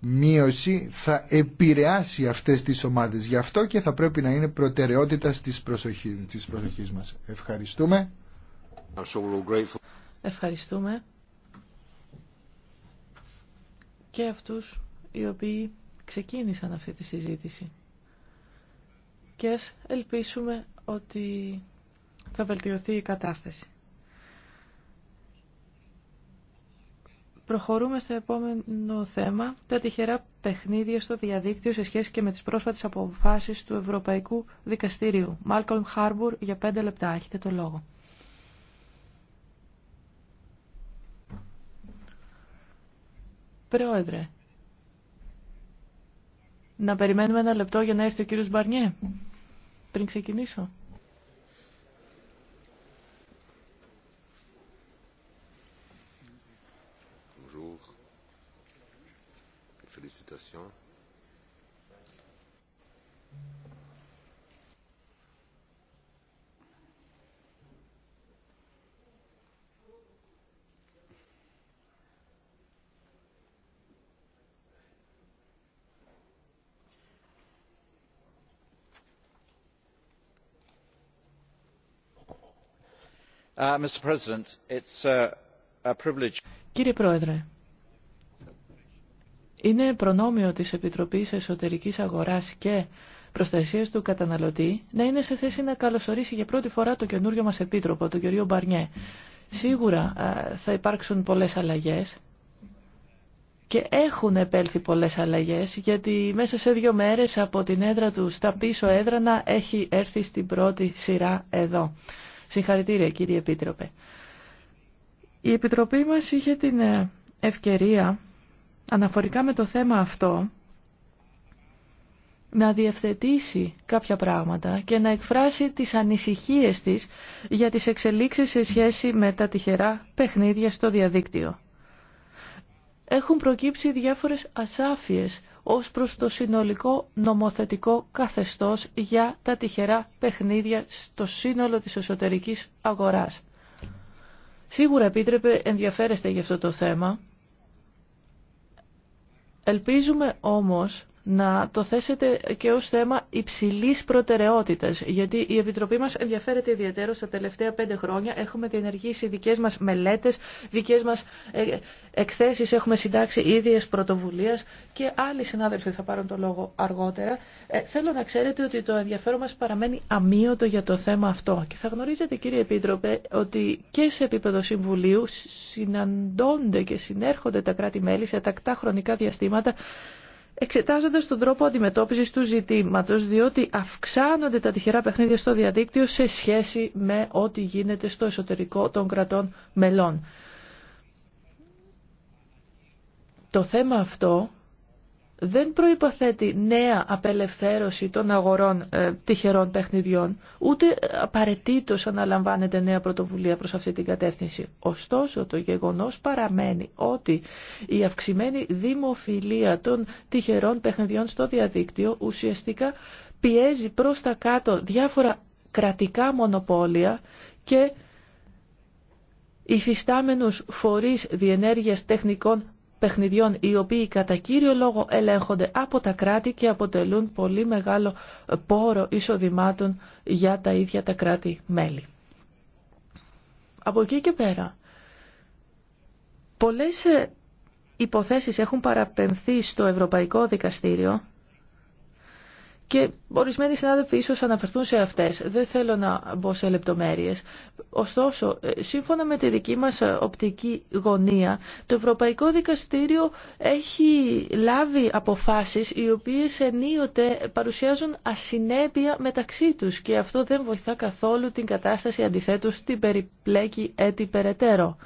μείωση θα επηρεάσει αυτές τις ομάδες. Γι' αυτό και θα πρέπει να είναι προτεραιότητα της προσοχής, της μας. Ευχαριστούμε. Ευχαριστούμε και αυτούς οι οποίοι ξεκίνησαν αυτή τη συζήτηση. Και ελπίσουμε ότι θα βελτιωθεί η κατάσταση. Προχωρούμε στο επόμενο θέμα, τα τυχερά παιχνίδια στο διαδίκτυο σε σχέση και με τις πρόσφατες αποφάσεις του Ευρωπαϊκού Δικαστηρίου. Μάλκολμ Χάρμπουρ, για πέντε λεπτά έχετε το λόγο. Πρόεδρε, να περιμένουμε ένα λεπτό για να έρθει ο κύριος Μπαρνιέ, πριν ξεκινήσω. Félicitations. Mr. President, it's a privilege. Κύριε Πρόεδρε, είναι προνόμιο της Επιτροπής Εσωτερικής Αγοράς και Προστασίας του Καταναλωτή να είναι σε θέση να καλωσορίσει για πρώτη φορά το καινούριο μας Επίτροπο, τον κύριο Μπαρνιέ. Σίγουρα θα υπάρξουν πολλές αλλαγές και έχουν επέλθει πολλές αλλαγές γιατί μέσα σε δύο μέρες από την έδρα του στα πίσω έδρανα έχει έρθει στην πρώτη σειρά εδώ. Συγχαρητήρια κύριε Επίτροπε. Η Επιτροπή μας είχε την ε, ευκαιρία αναφορικά με το θέμα αυτό να διευθετήσει κάποια πράγματα και να εκφράσει τις ανησυχίες της για τις εξελίξεις σε σχέση με τα τυχερά παιχνίδια στο διαδίκτυο. Έχουν προκύψει διάφορες ασάφειες ως προς το συνολικό νομοθετικό καθεστώς για τα τυχερά παιχνίδια στο σύνολο της εσωτερικής αγοράς. Σίγουρα, Επίτρεπε, ενδιαφέρεστε για αυτό το θέμα Ελπίζουμε όμως να το θέσετε και ως θέμα υψηλής προτεραιότητας, γιατί η Επιτροπή μας ενδιαφέρεται ιδιαίτερα στα τελευταία πέντε χρόνια. Έχουμε διενεργήσει δικές μας μελέτες, δικές μας ε, εκθέσεις, έχουμε συντάξει ίδιες πρωτοβουλίες και άλλοι συνάδελφοι θα πάρουν το λόγο αργότερα. Ε, θέλω να ξέρετε ότι το ενδιαφέρον μας παραμένει αμύωτο για το θέμα αυτό και θα γνωρίζετε κύριε Επίτροπε ότι και σε επίπεδο Συμβουλίου συναντώνται και συνέρχονται τα κράτη-μέλη σε τακτά χρονικά διαστήματα εξετάζοντας τον τρόπο αντιμετώπισης του ζητήματος, διότι αυξάνονται τα τυχερά παιχνίδια στο διαδίκτυο σε σχέση με ό,τι γίνεται στο εσωτερικό των κρατών μελών. Το θέμα αυτό δεν προϋποθέτει νέα απελευθέρωση των αγορών ε, τυχερών παιχνιδιών, ούτε απαραίτητο αναλαμβάνεται νέα πρωτοβουλία προς αυτή την κατεύθυνση. Ωστόσο, το γεγονός παραμένει ότι η αυξημένη δημοφιλία των τυχερών παιχνιδιών στο διαδίκτυο ουσιαστικά πιέζει προς τα κάτω διάφορα κρατικά μονοπόλια και υφιστάμενους φορείς διενέργειας τεχνικών παιχνιδιών οι οποίοι κατά κύριο λόγο ελέγχονται από τα κράτη και αποτελούν πολύ μεγάλο πόρο εισοδημάτων για τα ίδια τα κράτη-μέλη. Από εκεί και πέρα, πολλές ε, υποθέσεις έχουν παραπεμφθεί στο Ευρωπαϊκό Δικαστήριο και ορισμένοι συνάδελφοι ίσω αναφερθούν σε αυτές. Δεν θέλω να μπω σε λεπτομέρειε. Ωστόσο, ε, σύμφωνα με τη δική μας ε, οπτική γωνία, το Ευρωπαϊκό Δικαστήριο έχει λάβει αποφάσεις οι οποίες ενίοτε παρουσιάζουν ασυνέπεια μεταξύ τους και αυτό δεν βοηθά καθόλου την κατάσταση αντιθέτω την περιπλέκει έτη περαιτέρω.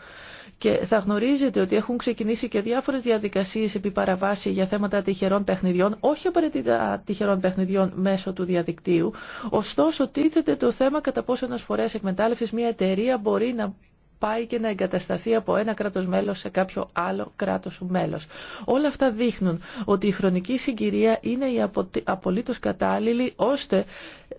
Και θα γνωρίζετε ότι έχουν ξεκινήσει και διάφορε διαδικασίε επί παραβάση για θέματα τυχερών παιχνιδιών, όχι απαραίτητα τυχερών παιχνιδιών μέσω του διαδικτύου. Ωστόσο, τίθεται το θέμα κατά πόσο ένα φορέα εκμετάλλευση μια εταιρεία μπορεί να πάει και να εγκατασταθεί από ένα κράτος μέλος σε κάποιο άλλο κράτος μέλος. Όλα αυτά δείχνουν ότι η χρονική συγκυρία είναι η απολύτως κατάλληλη ώστε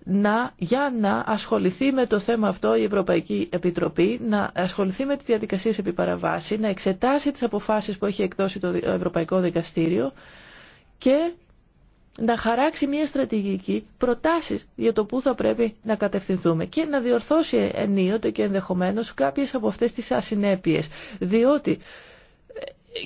να, για να ασχοληθεί με το θέμα αυτό η Ευρωπαϊκή Επιτροπή, να ασχοληθεί με τις διαδικασίες επί να εξετάσει τις αποφάσεις που έχει εκδώσει το Ευρωπαϊκό Δικαστήριο και να χαράξει μια στρατηγική, προτάσεις για το πού θα πρέπει να κατευθυνθούμε και να διορθώσει ενίοτε και ενδεχομένως κάποιες από αυτές τις ασυνέπειες. Διότι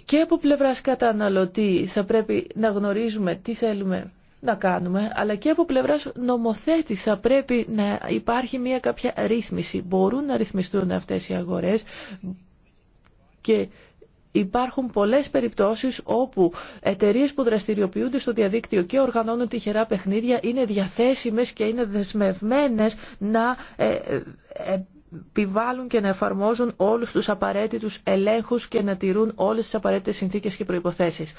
και από πλευράς καταναλωτή θα πρέπει να γνωρίζουμε τι θέλουμε να κάνουμε, αλλά και από πλευράς νομοθέτη θα πρέπει να υπάρχει μια κάποια ρύθμιση. Μπορούν να ρυθμιστούν αυτές οι αγορές και Υπάρχουν πολλές περιπτώσεις όπου εταιρείες που δραστηριοποιούνται στο διαδίκτυο και οργανώνουν τυχερά παιχνίδια είναι διαθέσιμες και είναι δεσμευμένες να ε, ε, επιβάλλουν και να εφαρμόζουν όλους τους απαραίτητους ελέγχους και να τηρούν όλες τις απαραίτητες συνθήκες και προϋποθέσεις.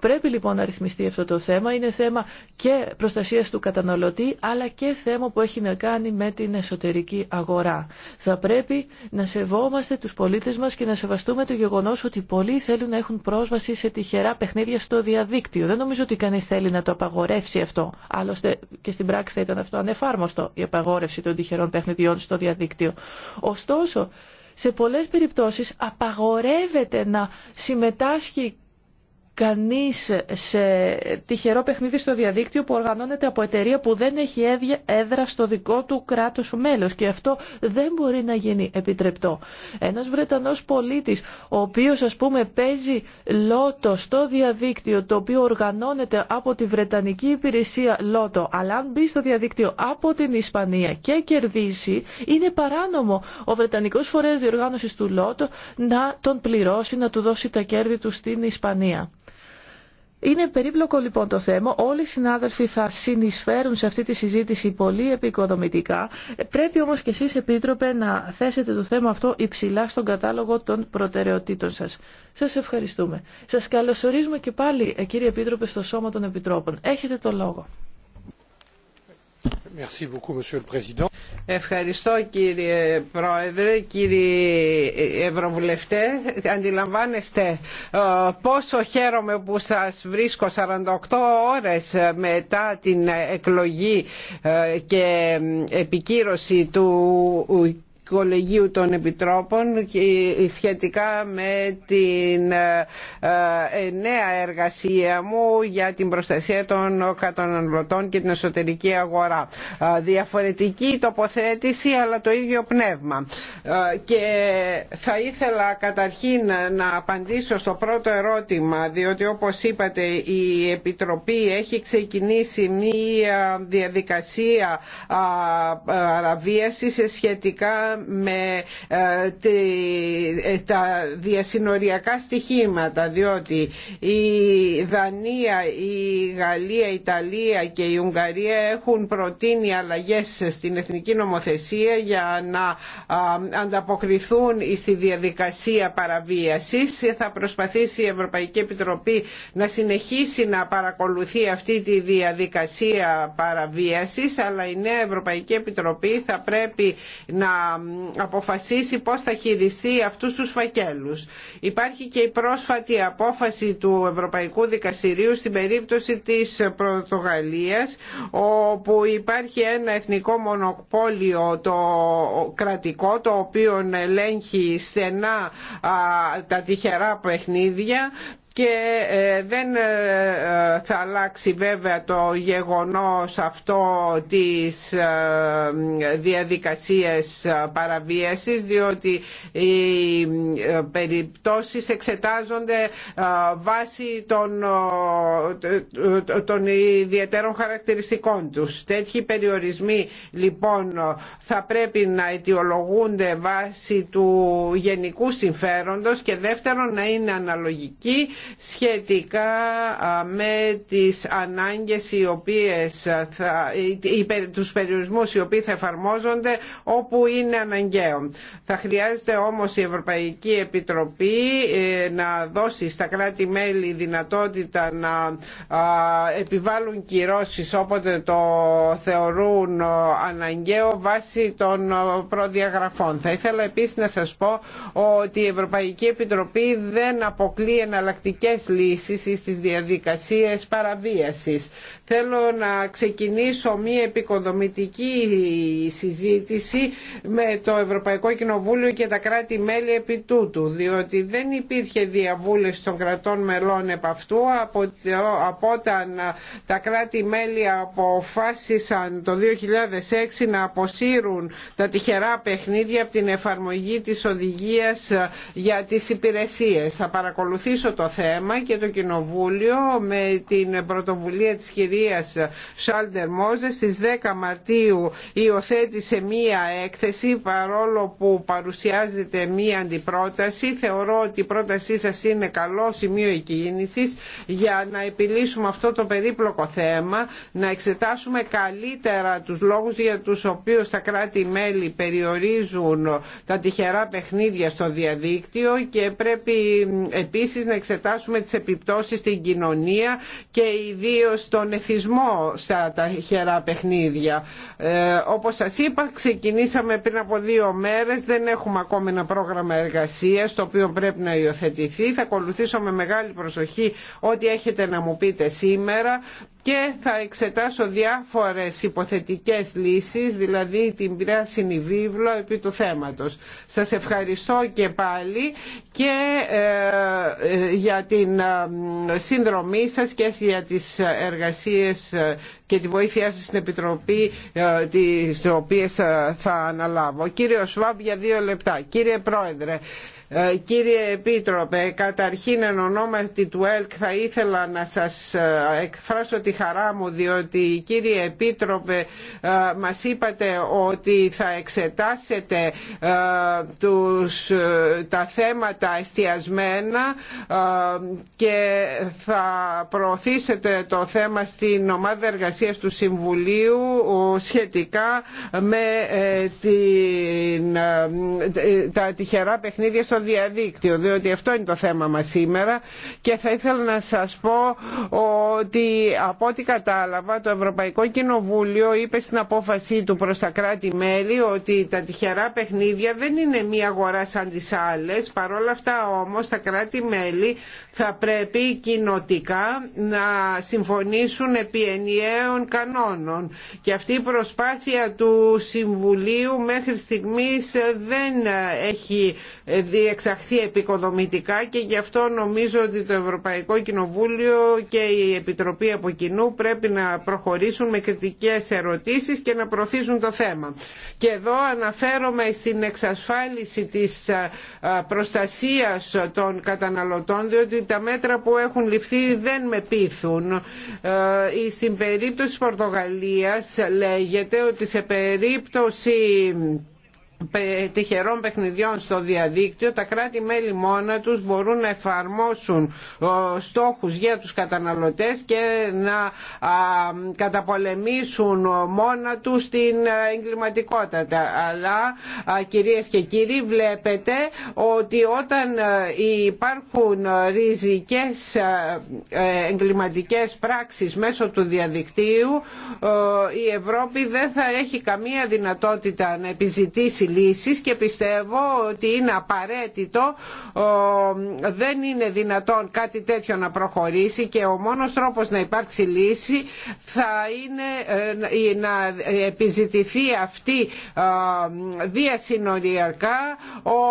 Πρέπει λοιπόν να ρυθμιστεί αυτό το θέμα. Είναι θέμα και προστασία του καταναλωτή, αλλά και θέμα που έχει να κάνει με την εσωτερική αγορά. Θα πρέπει να σεβόμαστε του πολίτε μα και να σεβαστούμε το γεγονό ότι πολλοί θέλουν να έχουν πρόσβαση σε τυχερά παιχνίδια στο διαδίκτυο. Δεν νομίζω ότι κανεί θέλει να το απαγορεύσει αυτό. Άλλωστε και στην πράξη θα ήταν αυτό ανεφάρμοστο η απαγόρευση των τυχερών παιχνιδιών στο διαδίκτυο. Ωστόσο, σε πολλές περιπτώσεις απαγορεύεται να συμμετάσχει κανείς σε τυχερό παιχνίδι στο διαδίκτυο που οργανώνεται από εταιρεία που δεν έχει έδρα στο δικό του κράτος μέλος και αυτό δεν μπορεί να γίνει επιτρεπτό. Ένας Βρετανός πολίτης ο οποίος ας πούμε παίζει λότο στο διαδίκτυο το οποίο οργανώνεται από τη Βρετανική Υπηρεσία Λότο αλλά αν μπει στο διαδίκτυο από την Ισπανία και κερδίσει είναι παράνομο ο Βρετανικός Φορέας Διοργάνωσης του Λότο να τον πληρώσει, να του δώσει τα κέρδη του στην Ισπανία. Είναι περίπλοκο λοιπόν το θέμα. Όλοι οι συνάδελφοι θα συνεισφέρουν σε αυτή τη συζήτηση πολύ επικοδομητικά. Πρέπει όμως και εσείς, Επίτροπε, να θέσετε το θέμα αυτό υψηλά στον κατάλογο των προτεραιοτήτων σας. Σας ευχαριστούμε. Σας καλωσορίζουμε και πάλι, ε, κύριε Επίτροπε, στο Σώμα των Επιτρόπων. Έχετε το λόγο. Ευχαριστώ κύριε Πρόεδρε, κύριοι Ευρωβουλευτέ. Αντιλαμβάνεστε ε, πόσο χαίρομαι που σας βρίσκω 48 ώρες μετά την εκλογή ε, και ε, επικύρωση του Κολεγίου των Επιτρόπων σχετικά με την ε, ε, νέα εργασία μου για την προστασία των καταναλωτών και την εσωτερική αγορά. Ε, διαφορετική τοποθέτηση αλλά το ίδιο πνεύμα. Και θα ήθελα καταρχήν να απαντήσω στο πρώτο ερώτημα διότι όπως είπατε η Επιτροπή έχει ξεκινήσει μία διαδικασία σε σχετικά με ε, ε, τα διασυνοριακά στοιχήματα διότι η Δανία, η Γαλλία, η Ιταλία και η Ουγγαρία έχουν προτείνει αλλαγές στην εθνική νομοθεσία για να ανταποκριθούν στη διαδικασία παραβίασης. Θα προσπαθήσει η Ευρωπαϊκή Επιτροπή να συνεχίσει να παρακολουθεί αυτή τη διαδικασία παραβίασης αλλά η νέα Ευρωπαϊκή Επιτροπή θα πρέπει να αποφασίσει πώς θα χειριστεί αυτούς τους φακέλους. Υπάρχει και η πρόσφατη απόφαση του Ευρωπαϊκού Δικαστηρίου στην περίπτωση της Πρωτογαλίας όπου υπάρχει ένα εθνικό μονοπόλιο το κρατικό το οποίο ελέγχει στενά τα τυχερά παιχνίδια και ε, δεν ε, ε, θα αλλάξει βέβαια το γεγονός αυτό της διαδικασίας παραβίασης διότι οι περιπτώσεις εξετάζονται βάσει των, των ιδιαίτερων χαρακτηριστικών τους. Τέτοιοι περιορισμοί λοιπόν θα πρέπει να αιτιολογούνται βάσει του γενικού συμφέροντος και δεύτερον να είναι αναλογικοί σχετικά με τις ανάγκες οι οποίες θα, τους περιορισμούς οι οποίοι θα εφαρμόζονται όπου είναι αναγκαίο. Θα χρειάζεται όμως η Ευρωπαϊκή Επιτροπή ε, να δώσει στα κράτη-μέλη δυνατότητα να επιβάλλουν κυρώσεις όποτε το θεωρούν ε, αναγκαίο βάσει των ε, προδιαγραφών. Θα ήθελα επίσης να σας πω ότι η Ευρωπαϊκή Επιτροπή δεν αποκλεί εναλλακτική πρακτικές λύσεις στις διαδικασίες παραβίασης. Θέλω να ξεκινήσω μία επικοδομητική συζήτηση με το Ευρωπαϊκό Κοινοβούλιο και τα κράτη-μέλη επί τούτου, διότι δεν υπήρχε διαβούλευση των κρατών μελών επ' αυτού από, από όταν τα κράτη-μέλη αποφάσισαν το 2006 να αποσύρουν τα τυχερά παιχνίδια από την εφαρμογή της οδηγίας για τις υπηρεσίες. Θα παρακολουθήσω το θέμα θέμα και το Κοινοβούλιο με την πρωτοβουλία της κυρίας Σάλτερ Μόζε στις 10 Μαρτίου υιοθέτησε μία έκθεση παρόλο που παρουσιάζεται μία αντιπρόταση. Θεωρώ ότι η πρότασή σας είναι καλό σημείο εκκίνησης για να επιλύσουμε αυτό το περίπλοκο θέμα, να εξετάσουμε καλύτερα τους λόγους για τους οποίους τα κράτη-μέλη περιορίζουν τα τυχερά παιχνίδια στο διαδίκτυο και πρέπει επίσης να εξετάσουμε εξετάσουμε τις επιπτώσεις στην κοινωνία και ιδίως στον εθισμό στα ταχερά παιχνίδια. Ε, όπως σας είπα ξεκινήσαμε πριν από δύο μέρες, δεν έχουμε ακόμη ένα πρόγραμμα εργασίας το οποίο πρέπει να υιοθετηθεί. Θα ακολουθήσω με μεγάλη προσοχή ό,τι έχετε να μου πείτε σήμερα και θα εξετάσω διάφορες υποθετικές λύσεις, δηλαδή την πράσινη βίβλο επί του θέματος. Σας ευχαριστώ και πάλι και ε, ε, για την ε, συνδρομή σας και για τις εργασίες και τη βοήθειά σας στην Επιτροπή τις οποίες θα αναλάβω. Κύριο Σβάμπ για δύο λεπτά. Κύριε Πρόεδρε, ε, κύριε Επίτροπε, καταρχήν εν ονόματι του ΕΛΚ θα ήθελα να σας ε, εκφράσω τη χαρά μου διότι κύριε Επίτροπε ε, μας είπατε ότι θα εξετάσετε τους, τα θέματα εστιασμένα και θα προωθήσετε το θέμα στην ομάδα εργασίας του Συμβουλίου σχετικά με την, τα τυχερά παιχνίδια στο διαδίκτυο διότι αυτό είναι το θέμα μας σήμερα και θα ήθελα να σας πω ότι από ό,τι κατάλαβα το Ευρωπαϊκό Κοινοβούλιο είπε στην απόφασή του προς τα κράτη-μέλη ότι τα τυχερά παιχνίδια δεν είναι μία αγορά σαν τις άλλες παρόλα αυτά όμως τα κράτη-μέλη θα πρέπει κοινοτικά να συμφωνήσουν επί ενιαίων κανόνων και αυτή η προσπάθεια του Συμβουλίου μέχρι στιγμής δεν έχει εξαχθεί επικοδομητικά και γι' αυτό νομίζω ότι το Ευρωπαϊκό Κοινοβούλιο και η Επιτροπή από κοινού πρέπει να προχωρήσουν με κριτικές ερωτήσεις και να προωθήσουν το θέμα. Και εδώ αναφέρομαι στην εξασφάλιση της προστασίας των καταναλωτών διότι τα μέτρα που έχουν ληφθεί δεν με πείθουν. Στην περίπτωση της Πορτογαλίας λέγεται ότι σε περίπτωση τυχερών παιχνιδιών στο διαδίκτυο τα κράτη-μέλη μόνα τους μπορούν να εφαρμόσουν στόχους για τους καταναλωτές και να καταπολεμήσουν μόνα τους την ε, εγκληματικότητα. Αλλά κυρίες και κύριοι βλέπετε ότι όταν ε, υπάρχουν ριζικές ε, εγκληματικές πράξεις μέσω του διαδικτύου η Ευρώπη δεν θα έχει καμία δυνατότητα να επιζητήσει λύσεις και πιστεύω ότι είναι απαραίτητο δεν είναι δυνατόν κάτι τέτοιο να προχωρήσει και ο μόνος τρόπος να υπάρξει λύση θα είναι ε, να επιζητηθεί αυτή ε, διασυνοριακά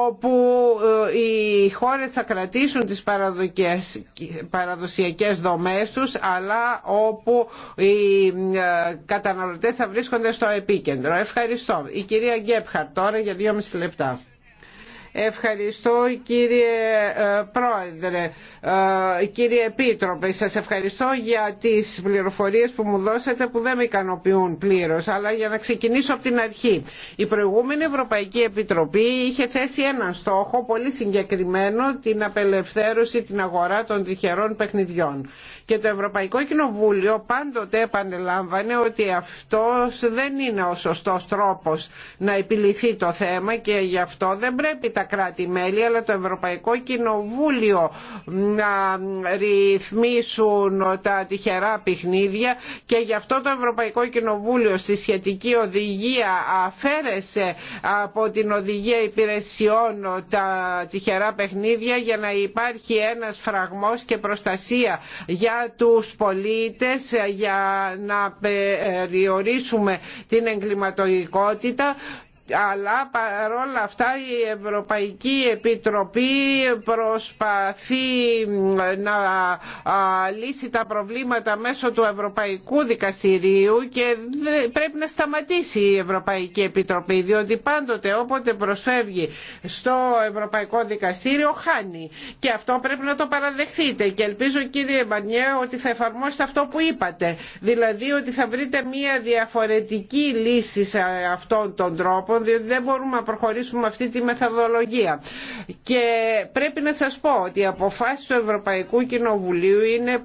όπου ε, οι χώρες θα κρατήσουν τις παραδοσιακές δομές τους αλλά όπου οι καταναλωτές θα βρίσκονται στο επίκεντρο. Ευχαριστώ. Η κυρία Γκέπχαρτ ώρα για 2,5 λεπτά. Ευχαριστώ κύριε ε, Πρόεδρε, ε, κύριε Επίτροπε, σας ευχαριστώ για τις πληροφορίες που μου δώσατε που δεν με ικανοποιούν πλήρως, αλλά για να ξεκινήσω από την αρχή. Η προηγούμενη Ευρωπαϊκή Επιτροπή είχε θέσει έναν στόχο πολύ συγκεκριμένο, την απελευθέρωση την αγορά των τυχερών παιχνιδιών. Και το Ευρωπαϊκό Κοινοβούλιο πάντοτε επανελάμβανε ότι αυτός δεν είναι ο σωστός τρόπος να επιληθεί το θέμα και γι' αυτό δεν πρέπει τα κρατη αλλά το Ευρωπαϊκό Κοινοβούλιο να ρυθμίσουν τα τυχερά παιχνίδια και γι' αυτό το Ευρωπαϊκό Κοινοβούλιο στη σχετική οδηγία αφαίρεσε από την οδηγία υπηρεσιών τα τυχερά παιχνίδια για να υπάρχει ένας φραγμός και προστασία για τους πολίτες για να περιορίσουμε την εγκληματικότητα αλλά παρόλα αυτά η Ευρωπαϊκή Επιτροπή προσπαθεί να λύσει τα προβλήματα μέσω του Ευρωπαϊκού Δικαστηρίου και πρέπει να σταματήσει η Ευρωπαϊκή Επιτροπή διότι πάντοτε όποτε προσφεύγει στο Ευρωπαϊκό Δικαστήριο χάνει και αυτό πρέπει να το παραδεχθείτε και ελπίζω κύριε Μπανιέ ότι θα εφαρμόσετε αυτό που είπατε δηλαδή ότι θα βρείτε μια διαφορετική λύση σε αυτόν τον τρόπο διότι δεν μπορούμε να προχωρήσουμε με αυτή τη μεθοδολογία. Και πρέπει να σας πω ότι οι αποφάσεις του Ευρωπαϊκού Κοινοβουλίου είναι,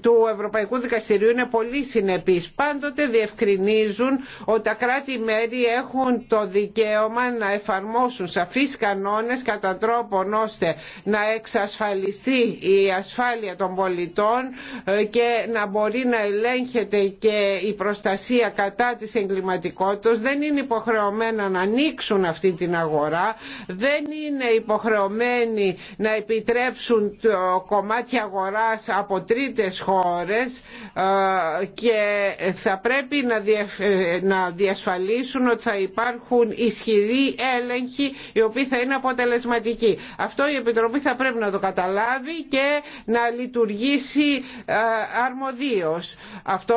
του Ευρωπαϊκού Δικαστηρίου είναι πολύ συνεπείς. Πάντοτε διευκρινίζουν ότι τα κράτη-μέρη έχουν το δικαίωμα να εφαρμόσουν σαφείς κανόνες κατά τρόπον ώστε να εξασφαλιστεί η ασφάλεια των πολιτών ε, και να μπορεί να ελέγχεται και η προστασία κατά της εγκληματικότητας. Δεν είναι υποχρεωμένα να ανοίξουν αυτή την αγορά δεν είναι υποχρεωμένοι να επιτρέψουν το κομμάτι αγοράς από τρίτες χώρες ε, και θα πρέπει ε, να διασφαλίσουν ότι θα υπάρχουν ισχυροί έλεγχοι οι οποίοι θα είναι αποτελεσματικοί. Αυτό η Επιτροπή θα πρέπει να το καταλάβει και να λειτουργήσει ε, αρμοδίως. Αυτό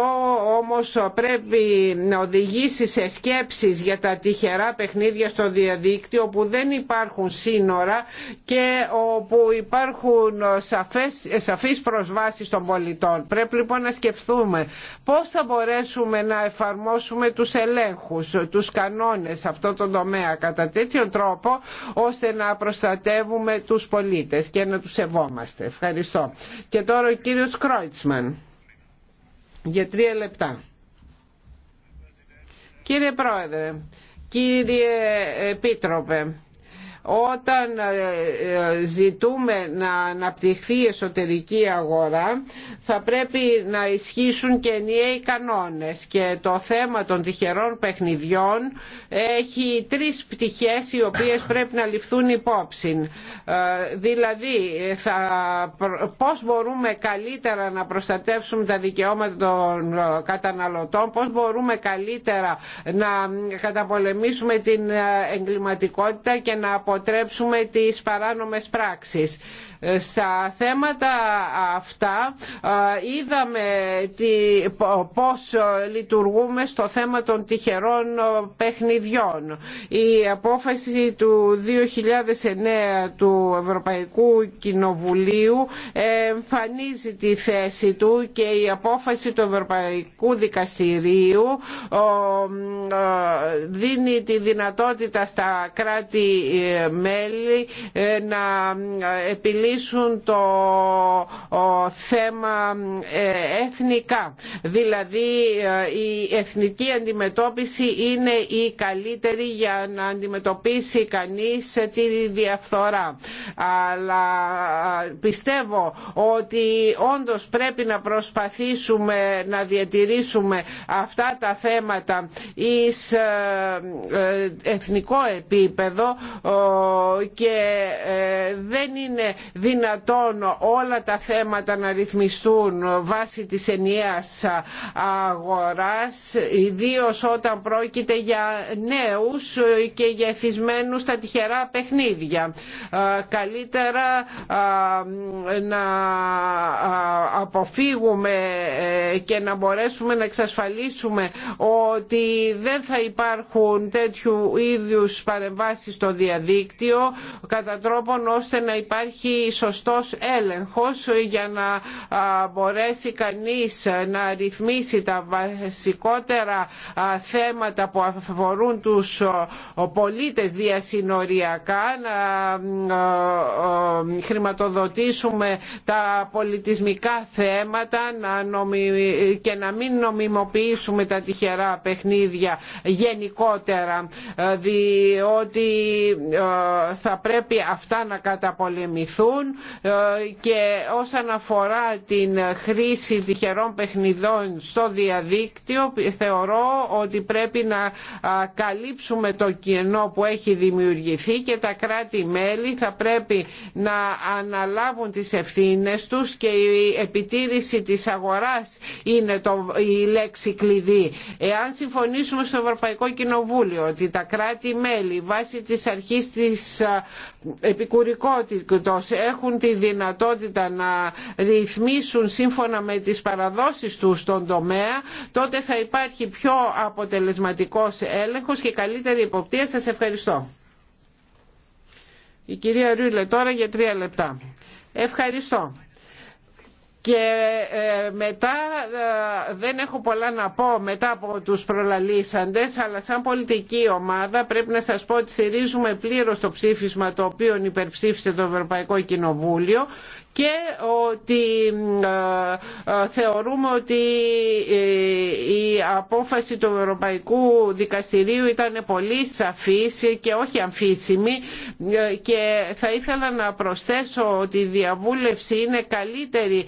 όμως πρέπει να οδηγήσει σε σκέψεις για τα τυχερά παιχνίδια στο διαδίκτυο που δεν υπάρχουν σύνορα και όπου υπάρχουν σαφές, σαφείς προσβάσεις των πολιτών. Πρέπει λοιπόν να σκεφτούμε πώς θα μπορέσουμε να εφαρμόσουμε τους ελέγχους, τους κανόνες σε αυτό το τομέα κατά τέτοιο τρόπο ώστε να προστατεύουμε τους πολίτες και να τους σεβόμαστε. Ευχαριστώ. Και τώρα ο κύριος Κρόιτσμαν για τρία λεπτά. Κύριε Πρόεδρε, Κύριε Επίτροπε, όταν ε, ε, ζητούμε να αναπτυχθεί η εσωτερική αγορά θα πρέπει να ισχύσουν και ενιαίοι κανόνες και το θέμα των τυχερών παιχνιδιών έχει τρεις πτυχές οι οποίες πρέπει να ληφθούν υπόψη. Ε, δηλαδή θα, πώς μπορούμε καλύτερα να προστατεύσουμε τα δικαιώματα των καταναλωτών, πώς μπορούμε καλύτερα να καταπολεμήσουμε την εγκληματικότητα και να αποτρέψουμε τις παράνομες πράξεις ε, στα θέματα αυτά ε, είδαμε πώς λειτουργούμε στο θέμα των τυχερών ε, παιχνιδιών. Η απόφαση του 2009 του Ευρωπαϊκού Κοινοβουλίου εμφανίζει τη θέση του και η απόφαση του Ευρωπαϊκού Δικαστηρίου δίνει τη δυνατότητα στα κράτη-μέλη να επιλύσουν το θέμα ε, εθνικά. Δηλαδή ε, η εθνική αντιμετώπιση είναι η καλύτερη για να αντιμετωπίσει κανείς ε, τη διαφθορά. Αλλά πιστεύω ότι όντως πρέπει να προσπαθήσουμε να διατηρήσουμε αυτά τα θέματα εις εθνικό επίπεδο και δεν είναι δυνατόν όλα τα θέματα να ρυθμιστούν βάσει της ενιαίας αγοράς ιδίως όταν πρόκειται για νέους και για εθισμένους στα τυχερά παιχνίδια. Καλύτερα να αποφύγουμε ε, και να μπορέσουμε να εξασφαλίσουμε ότι δεν θα υπάρχουν τέτοιου είδους παρεμβάσεις στο διαδίκτυο κατά τρόπον ώστε να υπάρχει σωστός έλεγχος για να μπορέσει κανείς να ρυθμίσει τα βασικότερα θέματα που αφορούν τους πολίτες διασυνοριακά να χρηματοδοτήσουμε τα πολιτισμικά θέματα και να μην νομιμοποιήσουμε τα τυχερά παιχνίδια γενικότερα ε, διότι ε, θα πρέπει αυτά να καταπολεμηθούν ε, και όσον αφορά την χρήση τυχερών παιχνιδών στο διαδίκτυο θεωρώ ότι πρέπει να καλύψουμε το κενό που έχει δημιουργηθεί και τα κράτη-μέλη θα πρέπει να αναλάβουν τις ευθύνες τους και η επιτήρηση της αγοράς είναι το, η λέξη κλειδί. Εάν συμφωνήσουμε στο Ευρωπαϊκό Κοινοβούλιο ότι τα κράτη-μέλη βάσει της αρχής της επικουρικότητας έχουν τη δυνατότητα να ρυθμίσουν σύμφωνα με τις παραδόσεις τους στον τομέα, τότε θα υπάρχει πιο αποτελεσματικός έλεγχος και καλύτερη υποπτία. Σας ευχαριστώ. Η κυρία Ρούλε τώρα για τρία λεπτά. Ευχαριστώ και ε, μετά ε, δεν έχω πολλά να πω μετά από τους προλαλήσαντες αλλά σαν πολιτική ομάδα πρέπει να σας πω ότι στηρίζουμε πλήρως το ψήφισμα το οποίο υπερψήφισε το Ευρωπαϊκό Κοινοβούλιο και ότι ε, ε, θεωρούμε ότι ε, η απόφαση του Ευρωπαϊκού Δικαστηρίου ήταν πολύ σαφής και όχι αμφίσιμη και θα ήθελα να προσθέσω ότι η διαβούλευση είναι καλύτερη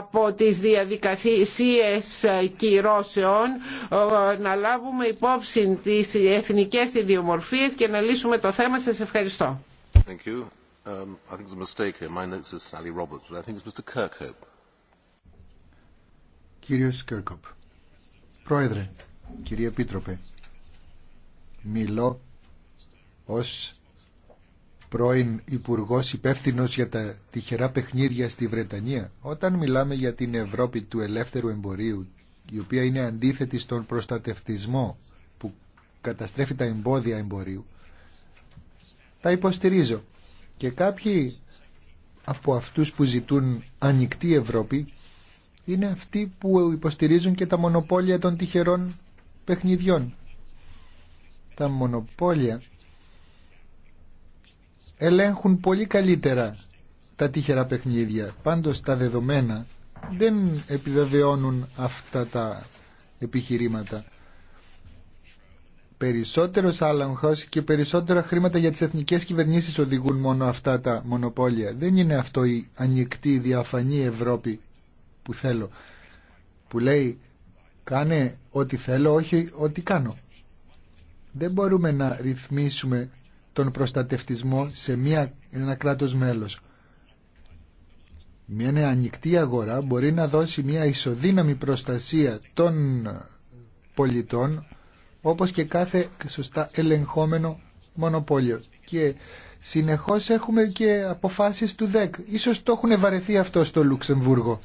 από τις διαδικασίες κυρώσεων να λάβουμε υπόψη τις εθνικές ιδιομορφίες και να λύσουμε το θέμα. Σας ευχαριστώ. Um, Κύριο Πρόεδρε, κύριε Επίτροπε, μιλώ ως πρώην υπουργό υπεύθυνο για τα τυχερά παιχνίδια στη Βρετανία. Όταν μιλάμε για την Ευρώπη του ελεύθερου εμπορίου, η οποία είναι αντίθετη στον προστατευτισμό που καταστρέφει τα εμπόδια εμπορίου, τα υποστηρίζω. Και κάποιοι από αυτούς που ζητούν ανοιχτή Ευρώπη είναι αυτοί που υποστηρίζουν και τα μονοπόλια των τυχερών παιχνιδιών. Τα μονοπόλια ελέγχουν πολύ καλύτερα τα τυχερά παιχνίδια. Πάντως τα δεδομένα δεν επιβεβαιώνουν αυτά τα επιχειρήματα. Περισσότερο άλλαγχο και περισσότερα χρήματα για τι εθνικέ κυβερνήσει οδηγούν μόνο αυτά τα μονοπόλια. Δεν είναι αυτό η ανοιχτή, διαφανή Ευρώπη που θέλω. Που λέει κάνε ό,τι θέλω, όχι ό,τι κάνω. Δεν μπορούμε να ρυθμίσουμε τον προστατευτισμό σε μια, ένα κράτος μέλος. Μια ανοιχτή αγορά μπορεί να δώσει μια ισοδύναμη προστασία των πολιτών όπως και κάθε σωστά ελεγχόμενο μονοπόλιο. Και συνεχώς έχουμε και αποφάσεις του ΔΕΚ. Ίσως το έχουν βαρεθεί αυτό στο Λουξεμβούργο.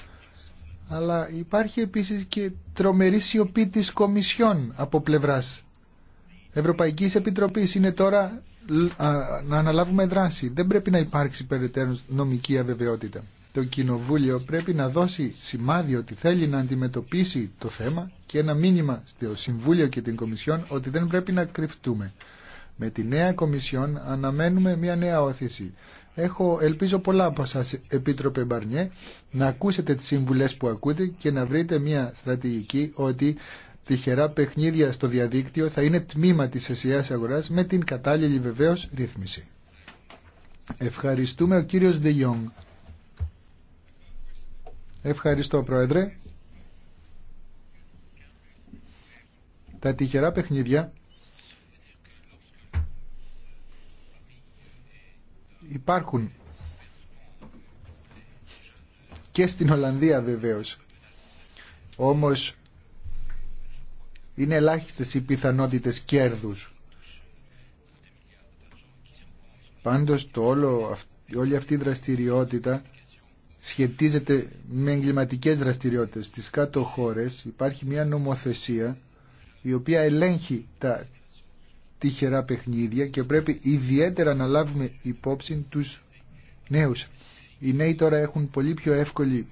Αλλά υπάρχει επίσης και τρομερή σιωπή της Κομισιόν από πλευράς Ευρωπαϊκής Επιτροπής. Είναι τώρα να αναλάβουμε δράση. Δεν πρέπει να υπάρξει περαιτέρω νομική αβεβαιότητα το Κοινοβούλιο πρέπει να δώσει σημάδι ότι θέλει να αντιμετωπίσει το θέμα και ένα μήνυμα στο Συμβούλιο και την Κομισιόν ότι δεν πρέπει να κρυφτούμε. Με τη νέα Κομισιόν αναμένουμε μια νέα όθηση. Έχω, ελπίζω πολλά από σας, Επίτροπε Μπαρνιέ, να ακούσετε τις συμβουλές που ακούτε και να βρείτε μια στρατηγική ότι τυχερά παιχνίδια στο διαδίκτυο θα είναι τμήμα της εσιαίας αγοράς με την κατάλληλη βεβαίως ρύθμιση. Ευχαριστούμε ο κύριος Jong. Ευχαριστώ Πρόεδρε. Τα τυχερά παιχνίδια υπάρχουν και στην Ολλανδία βεβαίως. Όμως είναι ελάχιστες οι πιθανότητες κέρδους. Πάντως το όλο, όλη αυτή η δραστηριότητα σχετίζεται με εγκληματικές δραστηριότητες στις κάτω χώρες υπάρχει μια νομοθεσία η οποία ελέγχει τα τυχερά παιχνίδια και πρέπει ιδιαίτερα να λάβουμε υπόψη τους νέους. Οι νέοι τώρα έχουν πολύ πιο εύκολη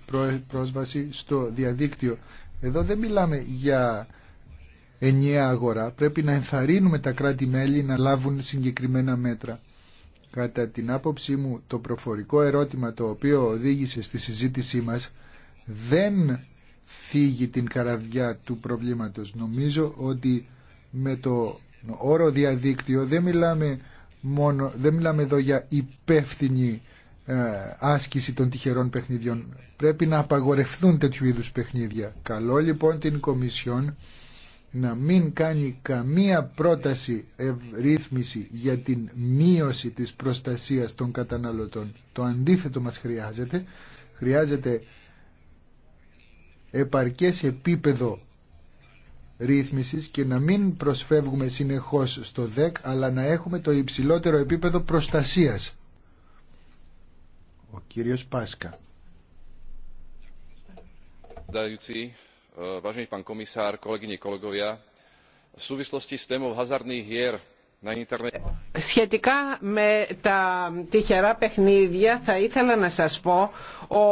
πρόσβαση στο διαδίκτυο. Εδώ δεν μιλάμε για ενιαία αγορά. Πρέπει να ενθαρρύνουμε τα κράτη-μέλη να λάβουν συγκεκριμένα μέτρα. Κατά την άποψή μου το προφορικό ερώτημα το οποίο οδήγησε στη συζήτησή μας δεν θίγει την καραδιά του προβλήματος. Νομίζω ότι με το όρο διαδίκτυο δεν μιλάμε, μόνο, δεν μιλάμε εδώ για υπεύθυνη ε, άσκηση των τυχερών παιχνιδιών. Πρέπει να απαγορευθούν τέτοιου είδους παιχνίδια. Καλό λοιπόν την Κομισιόν να μην κάνει καμία πρόταση ρύθμιση για την μείωση της προστασίας των καταναλωτών. Το αντίθετο μας χρειάζεται. Χρειάζεται επαρκές επίπεδο ρύθμισης και να μην προσφεύγουμε συνεχώς στο ΔΕΚ αλλά να έχουμε το υψηλότερο επίπεδο προστασίας. Ο κύριος Πάσκα vážený pán komisár kolegyne kolegovia v súvislosti s témou hazardných hier Σχετικά με τα τυχερά παιχνίδια θα ήθελα να σας πω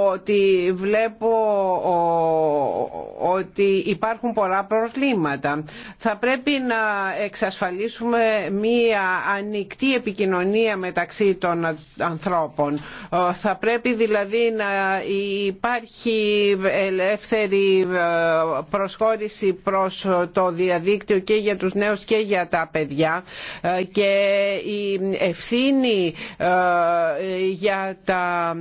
ότι βλέπω ότι υπάρχουν πολλά προβλήματα. Θα πρέπει να εξασφαλίσουμε μία ανοιχτή επικοινωνία μεταξύ των ανθρώπων. Θα πρέπει δηλαδή να υπάρχει ελεύθερη ε, προσχώρηση προς το διαδίκτυο και για τους νέους και για τα παιδιά ε, και η ευθύνη ε, για τα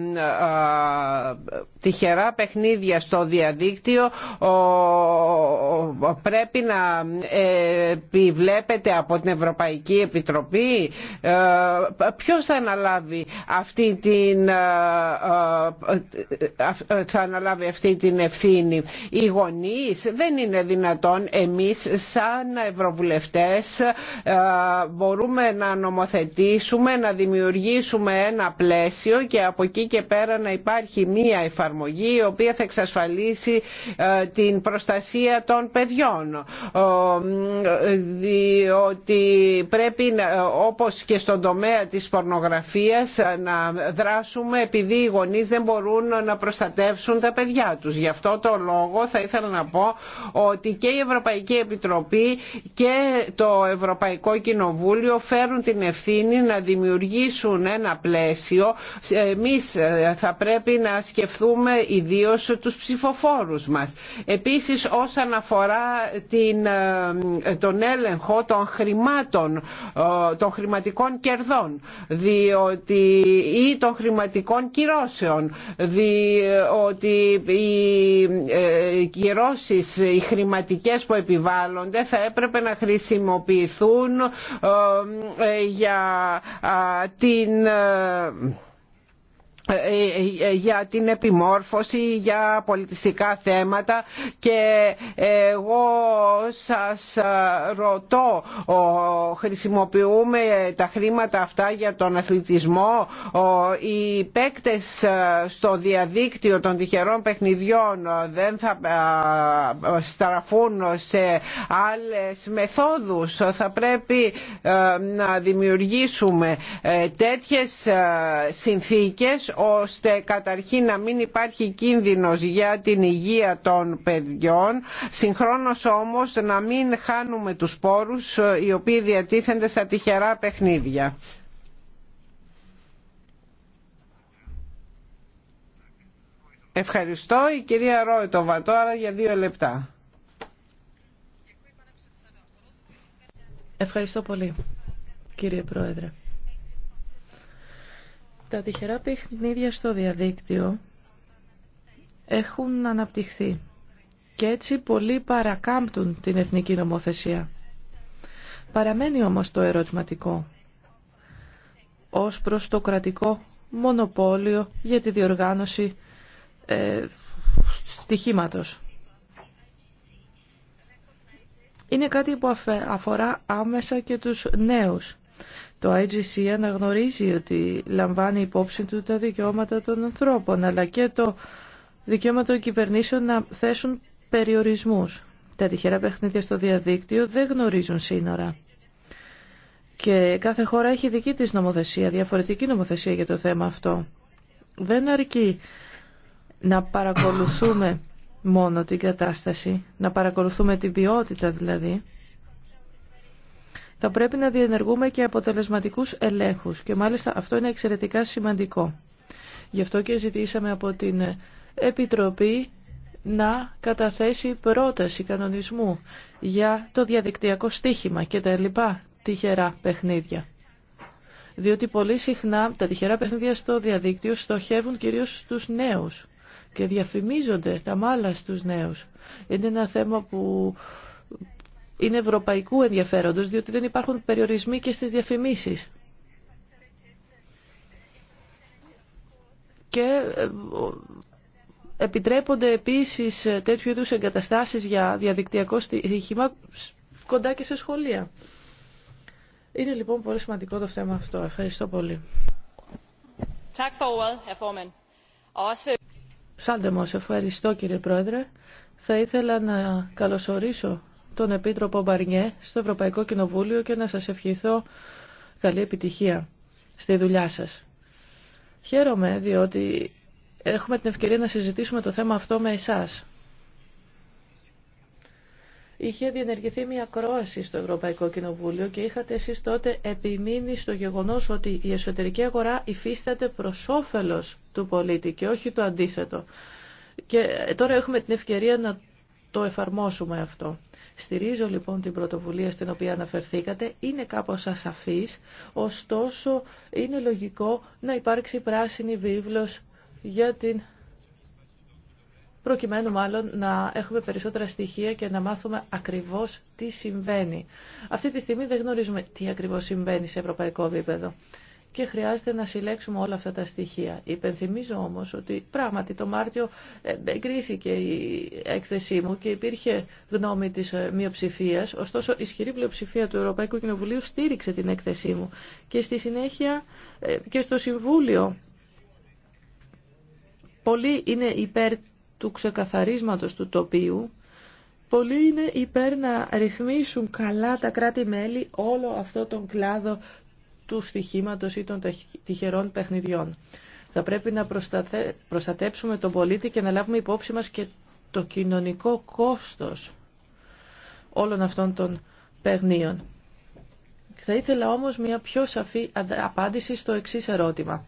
ε, τυχερά παιχνίδια στο διαδίκτυο πρέπει να επιβλέπεται από την Ευρωπαϊκή Επιτροπή ποιος θα αναλάβει αυτή την θα αναλάβει αυτή την ευθύνη οι γονείς δεν είναι δυνατόν εμείς σαν ευρωβουλευτές μπορούμε να νομοθετήσουμε, να δημιουργήσουμε ένα πλαίσιο και από εκεί και πέρα να υπάρχει μία εφαρμογή η οποία θα εξασφαλίσει ε, την προστασία των παιδιών. Διότι πρέπει όπως και στον τομέα της πορνογραφίας να δράσουμε επειδή οι γονείς δεν μπορούν να προστατεύσουν τα παιδιά τους. Γι' αυτό το λόγο θα ήθελα να πω ότι και η Ευρωπαϊκή Επιτροπή και το Ευρωπαϊκό Κοινοβούλιο Βουλίο φέρουν την ευθύνη να δημιουργήσουν ένα πλαίσιο. Εμείς ε, θα πρέπει να σκεφτούμε ιδίως τους ψηφοφόρους μας. Επίσης όσον αφορά την, ε, τον έλεγχο των χρημάτων, ε, των χρηματικών κερδών διότι, ή των χρηματικών κυρώσεων, διότι οι κυρώσεις, οι χρηματικές που επιβάλλονται θα έπρεπε να χρησιμοποιηθούν ε, ε, για την ε, ε, ε, ε, για την επιμόρφωση, για πολιτιστικά θέματα και εγώ σας ρωτώ χρησιμοποιούμε τα χρήματα αυτά για τον αθλητισμό οι παίκτες στο διαδίκτυο των τυχερών παιχνιδιών δεν θα στραφούν σε άλλες μεθόδους θα πρέπει να δημιουργήσουμε τέτοιες συνθήκες ώστε καταρχήν να μην υπάρχει κίνδυνος για την υγεία των παιδιών συγχρόνως όμως να μην χάνουμε τους σπόρους ε, οι οποίοι διατίθενται στα τυχερά παιχνίδια. Ευχαριστώ η κυρία Ρόιτοβα τώρα για δύο λεπτά. Ευχαριστώ πολύ κύριε Πρόεδρε. Τα τυχερά παιχνίδια στο διαδίκτυο έχουν αναπτυχθεί και έτσι πολλοί παρακάμπτουν την εθνική νομοθεσία. Παραμένει όμως το ερωτηματικό ως προς το κρατικό μονοπόλιο για τη διοργάνωση ε, στοιχήματος. Είναι κάτι που αφορά άμεσα και τους νέους. Το IGC αναγνωρίζει ότι λαμβάνει υπόψη του τα δικαιώματα των ανθρώπων, αλλά και το δικαίωμα των κυβερνήσεων να θέσουν περιορισμούς. Τα τυχερά παιχνίδια στο διαδίκτυο δεν γνωρίζουν σύνορα. Και κάθε χώρα έχει δική της νομοθεσία, διαφορετική νομοθεσία για το θέμα αυτό. Δεν αρκεί να παρακολουθούμε μόνο την κατάσταση, να παρακολουθούμε την ποιότητα δηλαδή, θα πρέπει να διενεργούμε και αποτελεσματικούς ελέγχους και μάλιστα αυτό είναι εξαιρετικά σημαντικό. Γι' αυτό και ζητήσαμε από την Επιτροπή να καταθέσει πρόταση κανονισμού για το διαδικτυακό στίχημα και τα λοιπά τυχερά παιχνίδια. Διότι πολύ συχνά τα τυχερά παιχνίδια στο διαδίκτυο στοχεύουν κυρίως στους νέους και διαφημίζονται τα μάλα στους νέους. Είναι ένα θέμα που είναι ευρωπαϊκού ενδιαφέροντος, διότι δεν υπάρχουν περιορισμοί και στις διαφημίσεις. Και ε, επιτρέπονται επίσης ε, τέτοιου είδους εγκαταστάσεις για διαδικτυακό στοιχημά κοντά και σε σχολεία. Είναι λοιπόν πολύ σημαντικό το θέμα αυτό. Ευχαριστώ πολύ. Σαντεμός. ευχαριστώ κύριε Πρόεδρε. Θα ήθελα να καλωσορίσω τον Επίτροπο Μπαρνιέ στο Ευρωπαϊκό Κοινοβούλιο και να σας ευχηθώ καλή επιτυχία στη δουλειά σας. Χαίρομαι διότι έχουμε την ευκαιρία να συζητήσουμε το θέμα αυτό με εσάς. Είχε διενεργηθεί μια κρόαση στο Ευρωπαϊκό Κοινοβούλιο και είχατε εσείς τότε επιμείνει στο γεγονός ότι η εσωτερική αγορά υφίσταται προς όφελο του πολίτη και όχι το αντίθετο. Και τώρα έχουμε την ευκαιρία να το εφαρμόσουμε αυτό. Στηρίζω λοιπόν την πρωτοβουλία στην οποία αναφερθήκατε. Είναι κάπως ασαφής, ωστόσο είναι λογικό να υπάρξει πράσινη βίβλος για την προκειμένου μάλλον να έχουμε περισσότερα στοιχεία και να μάθουμε ακριβώς τι συμβαίνει. Αυτή τη στιγμή δεν γνωρίζουμε τι ακριβώς συμβαίνει σε ευρωπαϊκό επίπεδο και χρειάζεται να συλλέξουμε όλα αυτά τα στοιχεία. Υπενθυμίζω όμως ότι πράγματι το Μάρτιο ε, εγκρίθηκε η έκθεσή μου και υπήρχε γνώμη της ε, μειοψηφία, ωστόσο η ισχυρή πλειοψηφία του Ευρωπαϊκού Κοινοβουλίου στήριξε την έκθεσή μου και στη συνέχεια ε, και στο Συμβούλιο πολλοί είναι υπέρ του ξεκαθαρίσματος του τοπίου Πολλοί είναι υπέρ να ρυθμίσουν καλά τα κράτη-μέλη όλο αυτό τον κλάδο του στοιχήματος ή των τυχερών παιχνιδιών. Θα πρέπει να προστατέψουμε τον πολίτη και να λάβουμε υπόψη μας και το κοινωνικό κόστος όλων αυτών των παιχνίων. Θα ήθελα όμως μια πιο σαφή απάντηση στο εξή ερώτημα.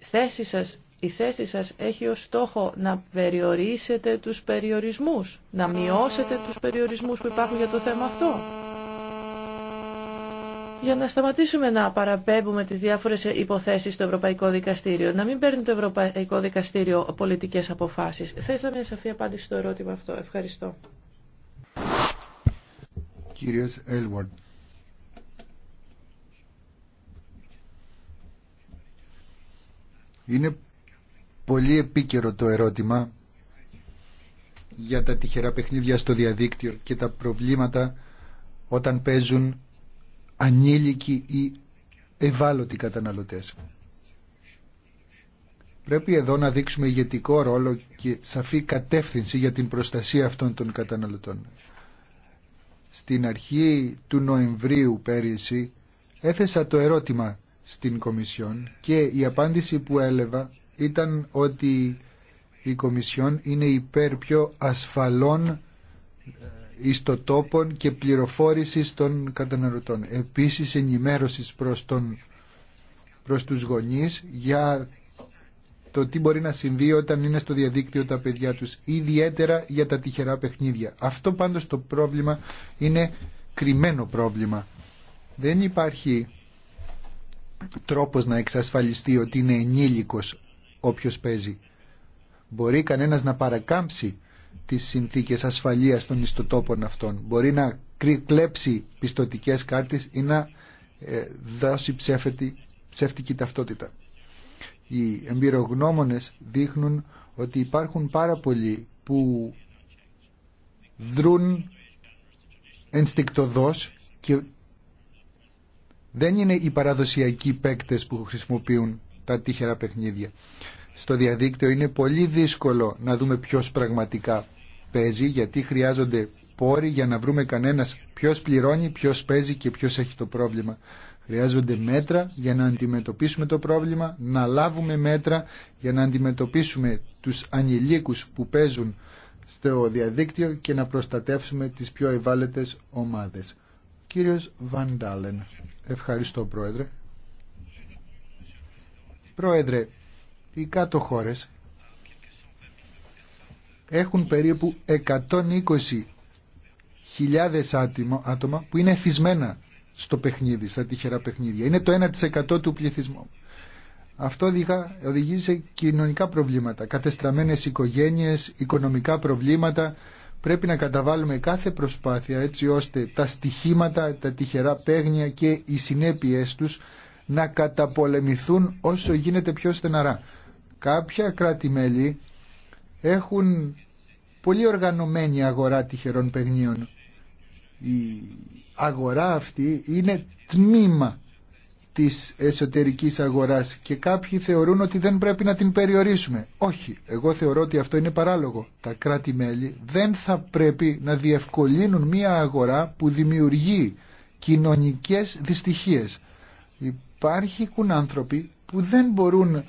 Θέση η θέση σας έχει ως στόχο να περιορίσετε τους περιορισμούς, να μειώσετε τους περιορισμούς που υπάρχουν για το θέμα αυτό για να σταματήσουμε να παραπέμπουμε τις διάφορες υποθέσεις στο Ευρωπαϊκό Δικαστήριο, να μην παίρνει το Ευρωπαϊκό Δικαστήριο πολιτικές αποφάσεις. Θα ήθελα μια σαφή απάντηση στο ερώτημα αυτό. Ευχαριστώ. Κύριος Έλβορντ, Είναι πολύ επίκαιρο το ερώτημα για τα τυχερά παιχνίδια στο διαδίκτυο και τα προβλήματα όταν παίζουν ανήλικοι ή ευάλωτοι καταναλωτές. Πρέπει εδώ να δείξουμε ηγετικό ρόλο και σαφή κατεύθυνση για την προστασία αυτών των καταναλωτών. Στην αρχή του Νοεμβρίου πέρυσι έθεσα το ερώτημα στην Κομισιόν και η απάντηση που έλεγα ήταν ότι η Κομισιόν είναι υπέρ πιο ασφαλών ιστοτόπων και πληροφόρησης των καταναλωτών. Επίσης ενημέρωσης προς, τον, προς τους γονείς για το τι μπορεί να συμβεί όταν είναι στο διαδίκτυο τα παιδιά τους, ιδιαίτερα για τα τυχερά παιχνίδια. Αυτό πάντως το πρόβλημα είναι κρυμμένο πρόβλημα. Δεν υπάρχει τρόπος να εξασφαλιστεί ότι είναι ενήλικος όποιος παίζει. Μπορεί κανένας να παρακάμψει τις συνθήκες ασφαλείας των ιστοτόπων αυτών. Μπορεί να κλέψει πιστοτικές κάρτες ή να ε, δώσει ψεύτικη ταυτότητα. Οι εμπειρογνώμονες δείχνουν ότι υπάρχουν πάρα πολλοί που δρούν ενστικτοδός και δεν είναι οι παραδοσιακοί παίκτες που χρησιμοποιούν τα τύχερα παιχνίδια στο διαδίκτυο είναι πολύ δύσκολο να δούμε ποιος πραγματικά παίζει γιατί χρειάζονται πόροι για να βρούμε κανένας ποιος πληρώνει, ποιος παίζει και ποιος έχει το πρόβλημα. Χρειάζονται μέτρα για να αντιμετωπίσουμε το πρόβλημα, να λάβουμε μέτρα για να αντιμετωπίσουμε τους ανηλίκους που παίζουν στο διαδίκτυο και να προστατεύσουμε τις πιο ευάλωτες ομάδες. Κύριος Βαντάλεν. Ευχαριστώ Πρόεδρε. Πρόεδρε, οι κάτω χώρες έχουν περίπου 120.000 άτομα, άτομα που είναι θυσμένα στο παιχνίδι, στα τυχερά παιχνίδια. Είναι το 1% του πληθυσμού. Αυτό οδηγεί σε κοινωνικά προβλήματα, κατεστραμμένες οικογένειες, οικονομικά προβλήματα. Πρέπει να καταβάλουμε κάθε προσπάθεια έτσι ώστε τα στοιχήματα, τα τυχερά παίγνια και οι συνέπειές τους να καταπολεμηθούν όσο γίνεται πιο στεναρά. Κάποια κράτη-μέλη έχουν πολύ οργανωμένη αγορά τυχερών παιχνίων. Η αγορά αυτή είναι τμήμα της εσωτερικής αγοράς και κάποιοι θεωρούν ότι δεν πρέπει να την περιορίσουμε. Όχι, εγώ θεωρώ ότι αυτό είναι παράλογο. Τα κράτη-μέλη δεν θα πρέπει να διευκολύνουν μια αγορά που δημιουργεί κοινωνικές δυστυχίες. Υπάρχουν άνθρωποι που δεν μπορούν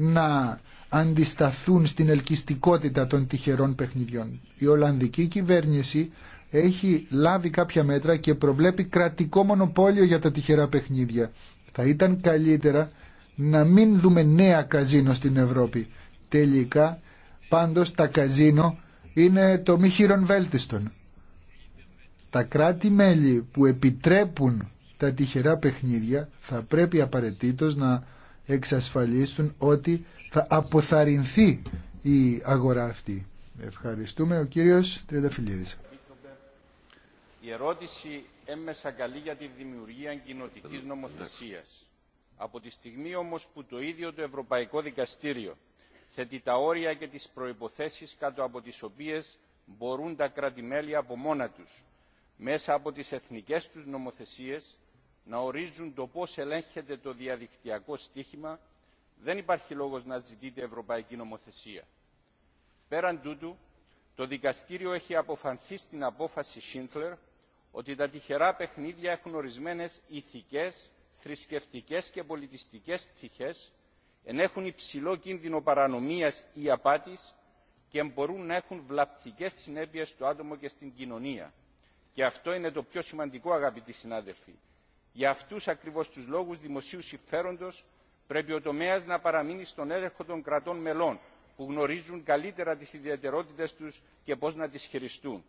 να αντισταθούν στην ελκυστικότητα των τυχερών παιχνιδιών. Η Ολλανδική κυβέρνηση έχει λάβει κάποια μέτρα και προβλέπει κρατικό μονοπόλιο για τα τυχερά παιχνίδια. Θα ήταν καλύτερα να μην δούμε νέα καζίνο στην Ευρώπη. Τελικά, πάντως τα καζίνο είναι το μη χείρον βέλτιστον. Τα κράτη-μέλη που επιτρέπουν τα τυχερά παιχνίδια θα πρέπει απαραίτητο να εξασφαλίσουν ότι θα αποθαρρυνθεί η αγορά αυτή. Ευχαριστούμε. Ο κύριος Τριανταφυλλίδης. Η ερώτηση έμεσα καλή για τη δημιουργία κοινοτικής νομοθεσίας. Από τη στιγμή όμως που το ίδιο το Ευρωπαϊκό Δικαστήριο θέτει τα όρια και τις προϋποθέσεις κάτω από τις οποίες μπορούν τα κρατη από μόνα τους, μέσα από τις εθνικές τους νομοθεσίες, να ορίζουν το πώς ελέγχεται το διαδικτυακό στίχημα, δεν υπάρχει λόγος να ζητείται ευρωπαϊκή νομοθεσία. Πέραν τούτου, το δικαστήριο έχει αποφανθεί στην απόφαση Schindler ότι τα τυχερά παιχνίδια έχουν ορισμένες ηθικές, θρησκευτικές και πολιτιστικές εν ενέχουν υψηλό κίνδυνο παρανομίας ή απάτης και μπορούν να έχουν βλαπτικές συνέπειες στο άτομο και στην κοινωνία. Και αυτό είναι το πιο σημαντικό αγαπητοί συνάδελφοι για αυτούς ακριβώς τους λόγους δημοσίου συμφέροντος πρέπει ο τομέας να παραμείνει στον έλεγχο των κρατών μελών που γνωρίζουν καλύτερα τις ιδιαιτερότητες τους και πώς να τις χειριστούν.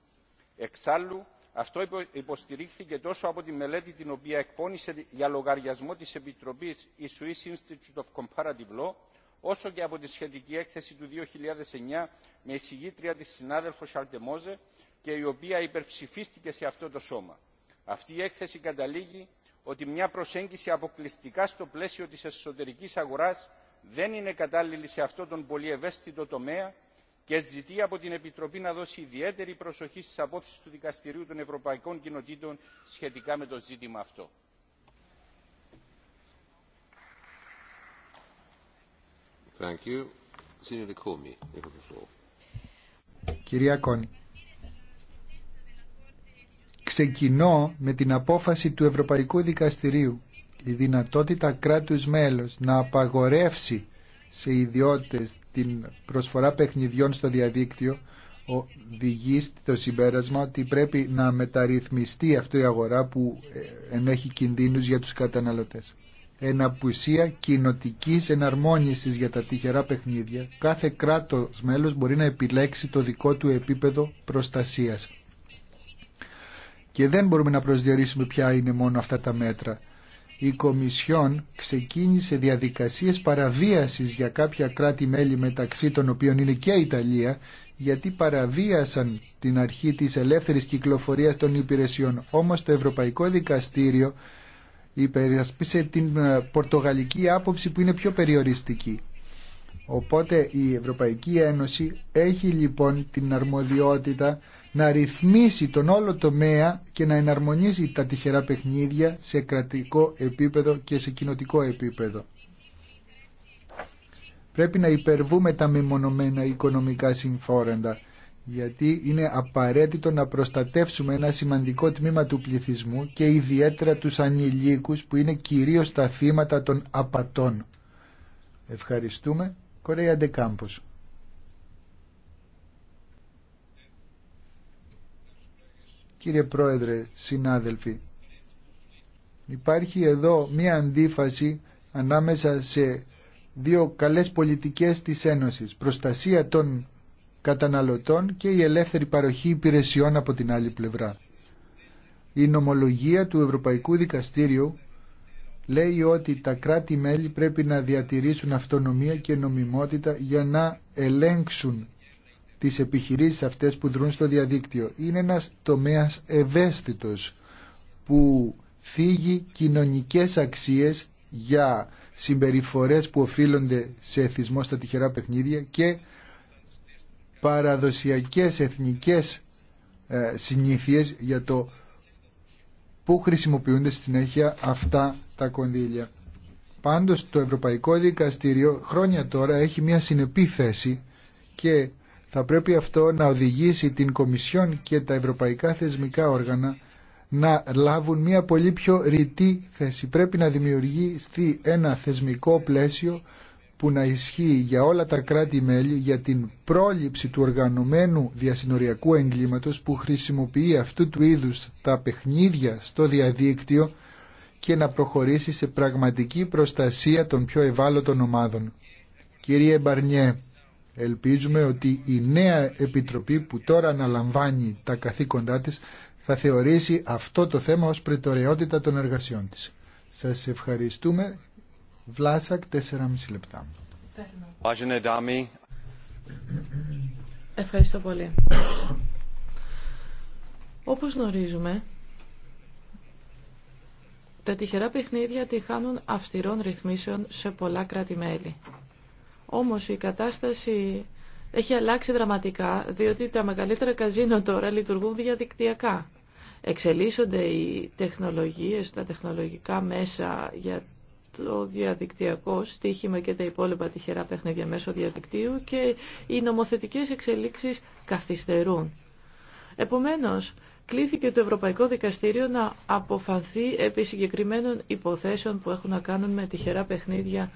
Εξάλλου, αυτό υποστηρίχθηκε τόσο από τη μελέτη την οποία εκπώνησε για λογαριασμό της Επιτροπής η Swiss Institute of Comparative Law, όσο και από τη σχετική έκθεση του 2009 με εισηγήτρια τη συνάδελφο Σαρτεμόζε και η οποία υπερψηφίστηκε σε αυτό το σώμα. Αυτή η έκθεση καταλήγει ότι μια προσέγγιση αποκλειστικά στο πλαίσιο της εσωτερικής αγοράς δεν είναι κατάλληλη σε αυτό τον πολύ ευαίσθητο τομέα και ζητεί από την Επιτροπή να δώσει ιδιαίτερη προσοχή στις απόψεις του Δικαστηρίου των Ευρωπαϊκών Κοινοτήτων σχετικά με το ζήτημα αυτό ξεκινώ με την απόφαση του Ευρωπαϊκού Δικαστηρίου η δυνατότητα κράτους μέλος να απαγορεύσει σε ιδιώτες την προσφορά παιχνιδιών στο διαδίκτυο οδηγεί στο συμπέρασμα ότι πρέπει να μεταρρυθμιστεί αυτή η αγορά που ε, ενέχει κινδύνους για τους καταναλωτές. Εν απουσία κοινοτική εναρμόνισης για τα τυχερά παιχνίδια, κάθε κράτος μέλος μπορεί να επιλέξει το δικό του επίπεδο προστασίας και δεν μπορούμε να προσδιορίσουμε ποια είναι μόνο αυτά τα μέτρα. Η Κομισιόν ξεκίνησε διαδικασίες παραβίασης για κάποια κράτη-μέλη μεταξύ των οποίων είναι και η Ιταλία γιατί παραβίασαν την αρχή της ελεύθερης κυκλοφορίας των υπηρεσιών. Όμως το Ευρωπαϊκό Δικαστήριο υπερασπίσε την ε, πορτογαλική άποψη που είναι πιο περιοριστική. Οπότε η Ευρωπαϊκή Ένωση έχει λοιπόν την αρμοδιότητα να ρυθμίσει τον όλο τομέα και να εναρμονίζει τα τυχερά παιχνίδια σε κρατικό επίπεδο και σε κοινοτικό επίπεδο. Πρέπει να υπερβούμε τα μεμονωμένα οικονομικά συμφόρεντα, γιατί είναι απαραίτητο να προστατεύσουμε ένα σημαντικό τμήμα του πληθυσμού και ιδιαίτερα τους ανηλίκους που είναι κυρίως τα θύματα των απατών. Ευχαριστούμε. Κορέα κύριε Πρόεδρε, συνάδελφοι. Υπάρχει εδώ μία αντίφαση ανάμεσα σε δύο καλές πολιτικές της Ένωσης. Προστασία των καταναλωτών και η ελεύθερη παροχή υπηρεσιών από την άλλη πλευρά. Η νομολογία του Ευρωπαϊκού Δικαστήριου λέει ότι τα κράτη-μέλη πρέπει να διατηρήσουν αυτονομία και νομιμότητα για να ελέγξουν τις επιχειρήσεις αυτές που δρούν στο διαδίκτυο. Είναι ένας τομέας ευαίσθητος που θίγει κοινωνικές αξίες για συμπεριφορές που οφείλονται σε εθισμό στα τυχερά παιχνίδια και παραδοσιακές εθνικές ε, συνήθειες για το πού χρησιμοποιούνται στην συνέχεια αυτά τα κονδύλια. Πάντως το Ευρωπαϊκό Δικαστήριο χρόνια τώρα έχει μια συνεπή θέση και θα πρέπει αυτό να οδηγήσει την Κομισιόν και τα ευρωπαϊκά θεσμικά όργανα να λάβουν μια πολύ πιο ρητή θέση. Πρέπει να δημιουργηθεί ένα θεσμικό πλαίσιο που να ισχύει για όλα τα κράτη-μέλη για την πρόληψη του οργανωμένου διασυνοριακού εγκλήματος που χρησιμοποιεί αυτού του είδους τα παιχνίδια στο διαδίκτυο και να προχωρήσει σε πραγματική προστασία των πιο ευάλωτων ομάδων. Κύριε Μπαρνιέ, Ελπίζουμε ότι η νέα επιτροπή που τώρα αναλαμβάνει τα καθήκοντά της θα θεωρήσει αυτό το θέμα ως προτεραιότητα των εργασιών της. Σας ευχαριστούμε. Βλάσακ, 4,5 λεπτά. Ευχαριστώ πολύ. Όπως γνωρίζουμε, τα τυχερά παιχνίδια τη χάνουν αυστηρών ρυθμίσεων σε πολλά κράτη-μέλη. Όμως η κατάσταση έχει αλλάξει δραματικά, διότι τα μεγαλύτερα καζίνο τώρα λειτουργούν διαδικτυακά. Εξελίσσονται οι τεχνολογίες, τα τεχνολογικά μέσα για το διαδικτυακό στοίχημα και τα υπόλοιπα τυχερά παιχνίδια μέσω διαδικτύου και οι νομοθετικές εξελίξεις καθυστερούν. Επομένως, κλήθηκε το Ευρωπαϊκό Δικαστήριο να αποφανθεί επί συγκεκριμένων υποθέσεων που έχουν να κάνουν με τυχερά παιχνίδια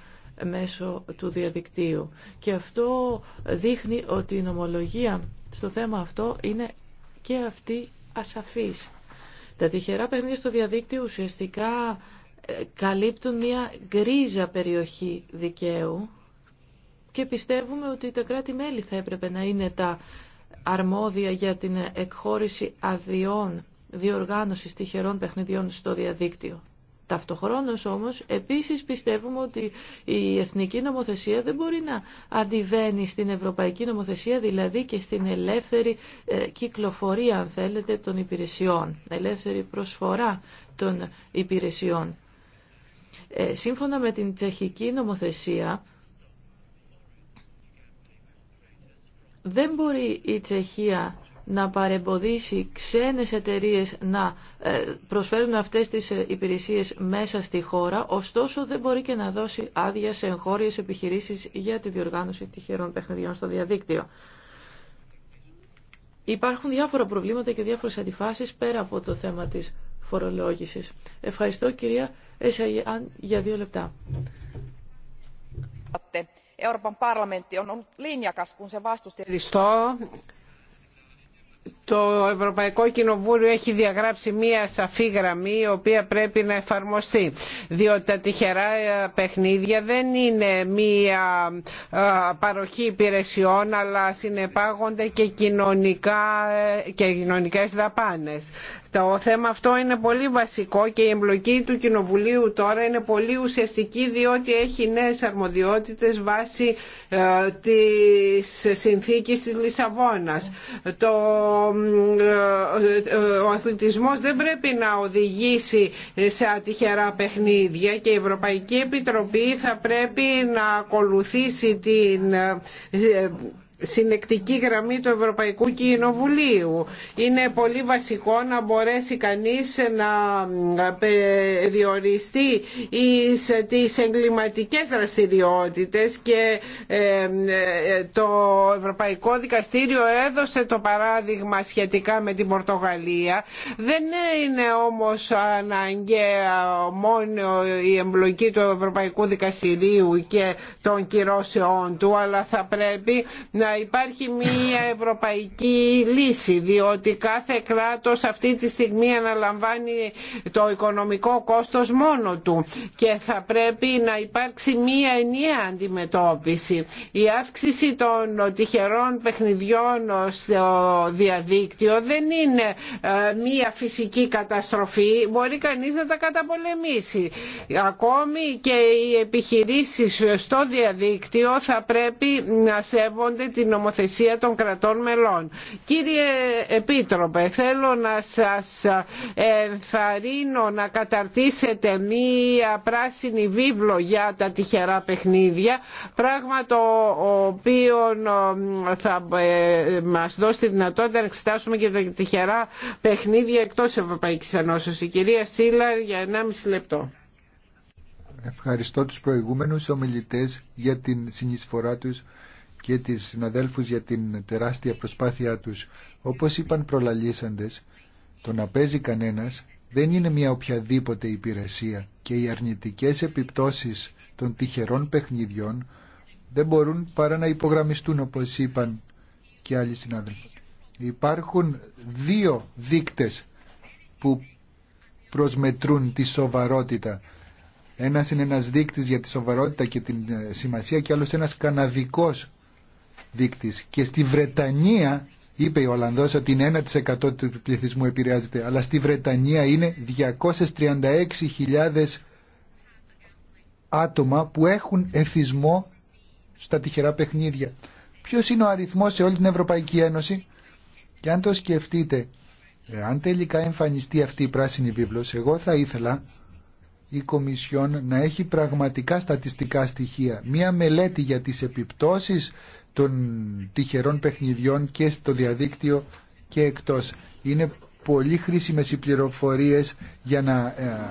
μέσω του διαδικτύου. Και αυτό δείχνει ότι η νομολογία στο θέμα αυτό είναι και αυτή ασαφής. Τα τυχερά παιχνίδια στο διαδίκτυο ουσιαστικά ε, καλύπτουν μια γκρίζα περιοχή δικαίου και πιστεύουμε ότι τα κράτη-μέλη θα έπρεπε να είναι τα αρμόδια για την εκχώρηση αδειών διοργάνωσης τυχερών παιχνιδιών στο διαδίκτυο. Ταυτοχρόνως όμως επίσης πιστεύουμε ότι η εθνική νομοθεσία δεν μπορεί να αντιβαίνει στην ευρωπαϊκή νομοθεσία, δηλαδή και στην ελεύθερη ε, κυκλοφορία αν θέλετε των υπηρεσιών, ελεύθερη προσφορά των υπηρεσιών. Ε, σύμφωνα με την τσεχική νομοθεσία, δεν μπορεί η Τσεχία να παρεμποδίσει ξένες εταιρείες να ε, προσφέρουν αυτές τις ε, υπηρεσίες μέσα στη χώρα, ωστόσο δεν μπορεί και να δώσει άδεια σε εγχώριες επιχειρήσεις για τη διοργάνωση τυχερών παιχνιδιών στο διαδίκτυο. Υπάρχουν διάφορα προβλήματα και διάφορες αντιφάσεις πέρα από το θέμα της φορολόγησης. Ευχαριστώ κυρία Εσαγιάν για δύο λεπτά. Ευχαριστώ το Ευρωπαϊκό Κοινοβούλιο έχει διαγράψει μία σαφή γραμμή η οποία πρέπει να εφαρμοστεί διότι τα τυχερά ε, παιχνίδια δεν είναι μία ε, παροχή υπηρεσιών αλλά συνεπάγονται και, κοινωνικά, ε, και κοινωνικές δαπάνες. Το θέμα αυτό είναι πολύ βασικό και η εμπλοκή του Κοινοβουλίου τώρα είναι πολύ ουσιαστική διότι έχει νέες αρμοδιότητες βάσει ε, της συνθήκης της Λισαβόνας. Το, ε, ε, ο αθλητισμός δεν πρέπει να οδηγήσει σε ατυχερά παιχνίδια και η Ευρωπαϊκή Επιτροπή θα πρέπει να ακολουθήσει την συνεκτική γραμμή του Ευρωπαϊκού Κοινοβουλίου. Είναι πολύ βασικό να μπορέσει κανείς να ε, περιοριστεί ε, τις εγκληματικές δραστηριότητες και ε, το Ευρωπαϊκό Δικαστήριο έδωσε το παράδειγμα σχετικά με την Πορτογαλία. Δεν είναι όμως αναγκαία μόνο η εμπλοκή του Ευρωπαϊκού Δικαστηρίου και των κυρώσεών του, αλλά θα πρέπει υπάρχει μια ευρωπαϊκή λύση διότι κάθε κράτος αυτή τη στιγμή αναλαμβάνει το οικονομικό κόστος μόνο του και θα πρέπει να υπάρξει μια ενιαία αντιμετώπιση. Η αύξηση των τυχερών παιχνιδιών στο διαδίκτυο δεν είναι ε, μια φυσική καταστροφή, μπορεί κανείς να τα καταπολεμήσει. Ακόμη και οι επιχειρήσεις στο διαδίκτυο θα πρέπει να σέβονται την νομοθεσία των κρατών μελών. Κύριε Επίτροπε, θέλω να σας ενθαρρύνω να καταρτήσετε μία πράσινη βίβλο για τα τυχερά παιχνίδια, πράγμα το οποίο θα ε, μας δώσει τη δυνατότητα να εξετάσουμε και τα τυχερά παιχνίδια εκτός Ευρωπαϊκής Ενώσεως. Η κυρία Σίλα, για 1,5 λεπτό. Ευχαριστώ τους προηγούμενους ομιλητές για την συνεισφορά τους και τις συναδέλφους για την τεράστια προσπάθειά τους. Όπως είπαν προλαλήσαντες, το να παίζει κανένας δεν είναι μια οποιαδήποτε υπηρεσία και οι αρνητικές επιπτώσεις των τυχερών παιχνιδιών δεν μπορούν παρά να υπογραμμιστούν όπως είπαν και άλλοι συνάδελφοι. Υπάρχουν δύο δίκτες που προσμετρούν τη σοβαρότητα. Ένας είναι ένας δείκτης για τη σοβαρότητα και την ε, σημασία και άλλος ένας καναδικός δείκτης και στη Βρετανία είπε ο Ολλανδός ότι είναι 1% του πληθυσμού επηρεάζεται αλλά στη Βρετανία είναι 236.000 άτομα που έχουν εθισμό στα τυχερά παιχνίδια. Ποιος είναι ο αριθμός σε όλη την Ευρωπαϊκή Ένωση και αν το σκεφτείτε ε, αν τελικά εμφανιστεί αυτή η πράσινη βίβλος εγώ θα ήθελα η Κομισιόν να έχει πραγματικά στατιστικά στοιχεία. Μία μελέτη για τις επιπτώσεις των τυχερών παιχνιδιών και στο διαδίκτυο και εκτός. Είναι πολύ χρήσιμες οι πληροφορίες για να ε,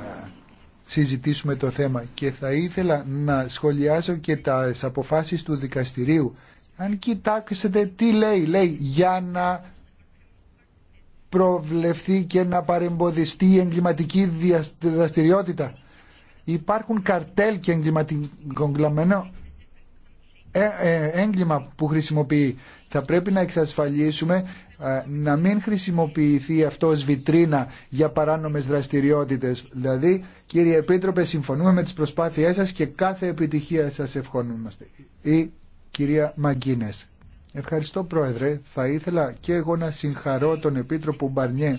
συζητήσουμε το θέμα και θα ήθελα να σχολιάσω και τα αποφάσεις του δικαστηρίου. Αν κοιτάξετε τι λέει, λέει για να προβλεφθεί και να παρεμποδιστεί η εγκληματική δραστηριότητα. Υπάρχουν καρτέλ και εγκληματικό ε, ε, έγκλημα που χρησιμοποιεί. Θα πρέπει να εξασφαλίσουμε ε, να μην χρησιμοποιηθεί αυτό ως βιτρίνα για παράνομες δραστηριότητες. Δηλαδή, κύριε Επίτροπε, συμφωνούμε με τις προσπάθειές σας και κάθε επιτυχία σας ευχόμαστε. Η κυρία Μαγκίνες. Ευχαριστώ Πρόεδρε. Θα ήθελα και εγώ να συγχαρώ τον Επίτροπο Μπαρνιέ.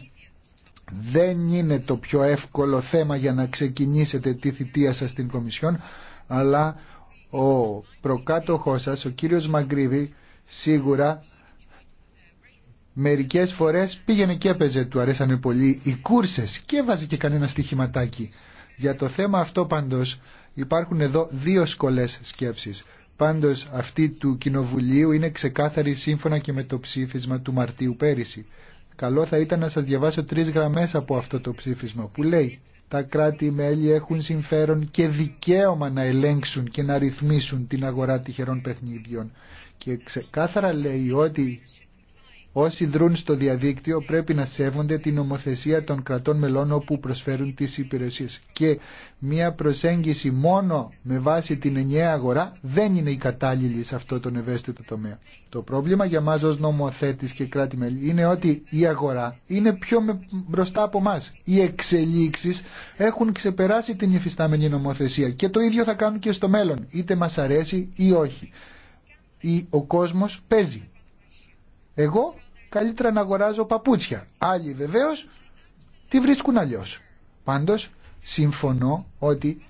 Δεν είναι το πιο εύκολο θέμα για να ξεκινήσετε τη θητεία σας στην Κομισιόν, αλλά ο προκάτοχός σας, ο κύριος Μαγκρίβη, σίγουρα μερικές φορές πήγαινε και έπαιζε, του αρέσανε πολύ οι κούρσες και έβαζε και κανένα στοιχηματάκι. Για το θέμα αυτό πάντως υπάρχουν εδώ δύο σκολές σκέψεις. Πάντως αυτή του Κοινοβουλίου είναι ξεκάθαρη σύμφωνα και με το ψήφισμα του Μαρτίου πέρυσι. Καλό θα ήταν να σας διαβάσω τρεις γραμμές από αυτό το ψήφισμα που λέει τα κράτη-μέλη έχουν συμφέρον και δικαίωμα να ελέγξουν και να ρυθμίσουν την αγορά τυχερών παιχνιδιών. Και ξεκάθαρα λέει ότι όσοι δρούν στο διαδίκτυο πρέπει να σέβονται την νομοθεσία των κρατών μελών όπου προσφέρουν τις υπηρεσίες. Και μία προσέγγιση μόνο με βάση την ενιαία αγορά δεν είναι η κατάλληλη σε αυτό τον ευαίσθητο τομέα. Το πρόβλημα για μας ως νομοθέτης και κράτη μέλη είναι ότι η αγορά είναι πιο μπροστά από εμά. Οι εξελίξεις έχουν ξεπεράσει την υφιστάμενη νομοθεσία και το ίδιο θα κάνουν και στο μέλλον, είτε μας αρέσει ή όχι. Ο κόσμος παίζει. Εγώ καλύτερα να αγοράζω παπούτσια. Άλλοι βεβαίως τη βρίσκουν αλλιώς. Πάντως συμφωνώ ότι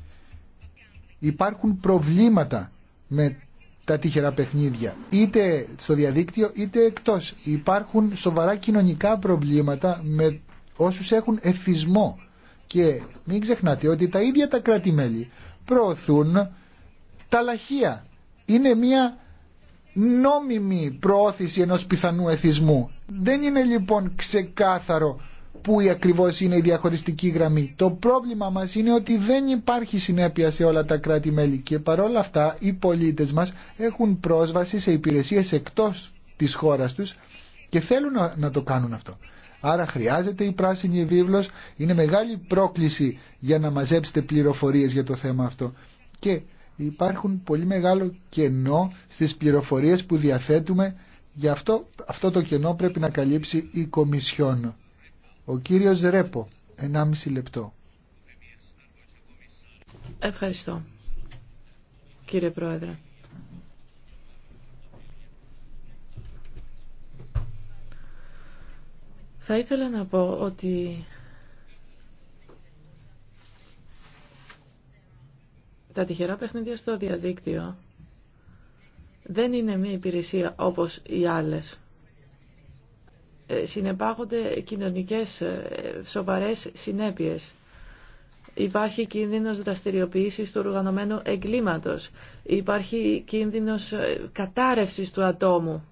υπάρχουν προβλήματα με τα τύχερα παιχνίδια είτε στο διαδίκτυο είτε εκτός υπάρχουν σοβαρά κοινωνικά προβλήματα με όσους έχουν εθισμό και μην ξεχνάτε ότι τα ίδια τα κράτη-μέλη προωθούν τα λαχεία είναι μια νόμιμη προώθηση ενός πιθανού εθισμού δεν είναι λοιπόν ξεκάθαρο πού ακριβώς είναι η διαχωριστική γραμμή. Το πρόβλημα μας είναι ότι δεν υπάρχει συνέπεια σε όλα τα κράτη-μέλη και παρόλα αυτά οι πολίτες μας έχουν πρόσβαση σε υπηρεσίες εκτός της χώρας τους και θέλουν να το κάνουν αυτό. Άρα χρειάζεται η πράσινη βίβλος, είναι μεγάλη πρόκληση για να μαζέψετε πληροφορίες για το θέμα αυτό. Και υπάρχουν πολύ μεγάλο κενό στις πληροφορίες που διαθέτουμε, γι' αυτό, αυτό το κενό πρέπει να καλύψει η Κομισιόν. Ο κύριος Ρέπο, 1,5 λεπτό. Ευχαριστώ, κύριε Πρόεδρε. Θα ήθελα να πω ότι τα τυχερά παιχνίδια στο διαδίκτυο δεν είναι μια υπηρεσία όπως οι άλλες. Ε, συνεπάγονται κοινωνικές ε, σοβαρές συνέπειες. Υπάρχει κίνδυνος δραστηριοποίησης του οργανωμένου εγκλήματος. Υπάρχει κίνδυνος ε, κατάρρευσης του ατόμου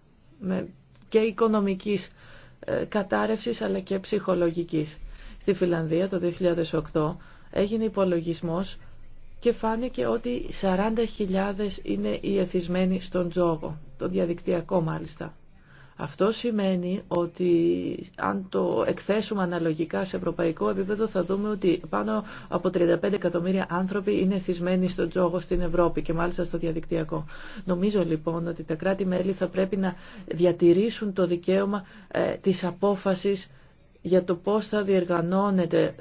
και οικονομικής κατάρρευσης αλλά και ψυχολογικής. Στη Φιλανδία το 2008 έγινε υπολογισμός και φάνηκε ότι 40.000 είναι οι εθισμένοι στον τζόγο, τον διαδικτυακό μάλιστα. Αυτό σημαίνει ότι αν το εκθέσουμε αναλογικά σε ευρωπαϊκό επίπεδο θα δούμε ότι πάνω από 35 εκατομμύρια άνθρωποι είναι θυσμένοι στον τζόγο στην Ευρώπη και μάλιστα στο διαδικτυακό. Νομίζω λοιπόν ότι τα κράτη-μέλη θα πρέπει να διατηρήσουν το δικαίωμα ε, της απόφασης για το πώς θα διεργανώνεται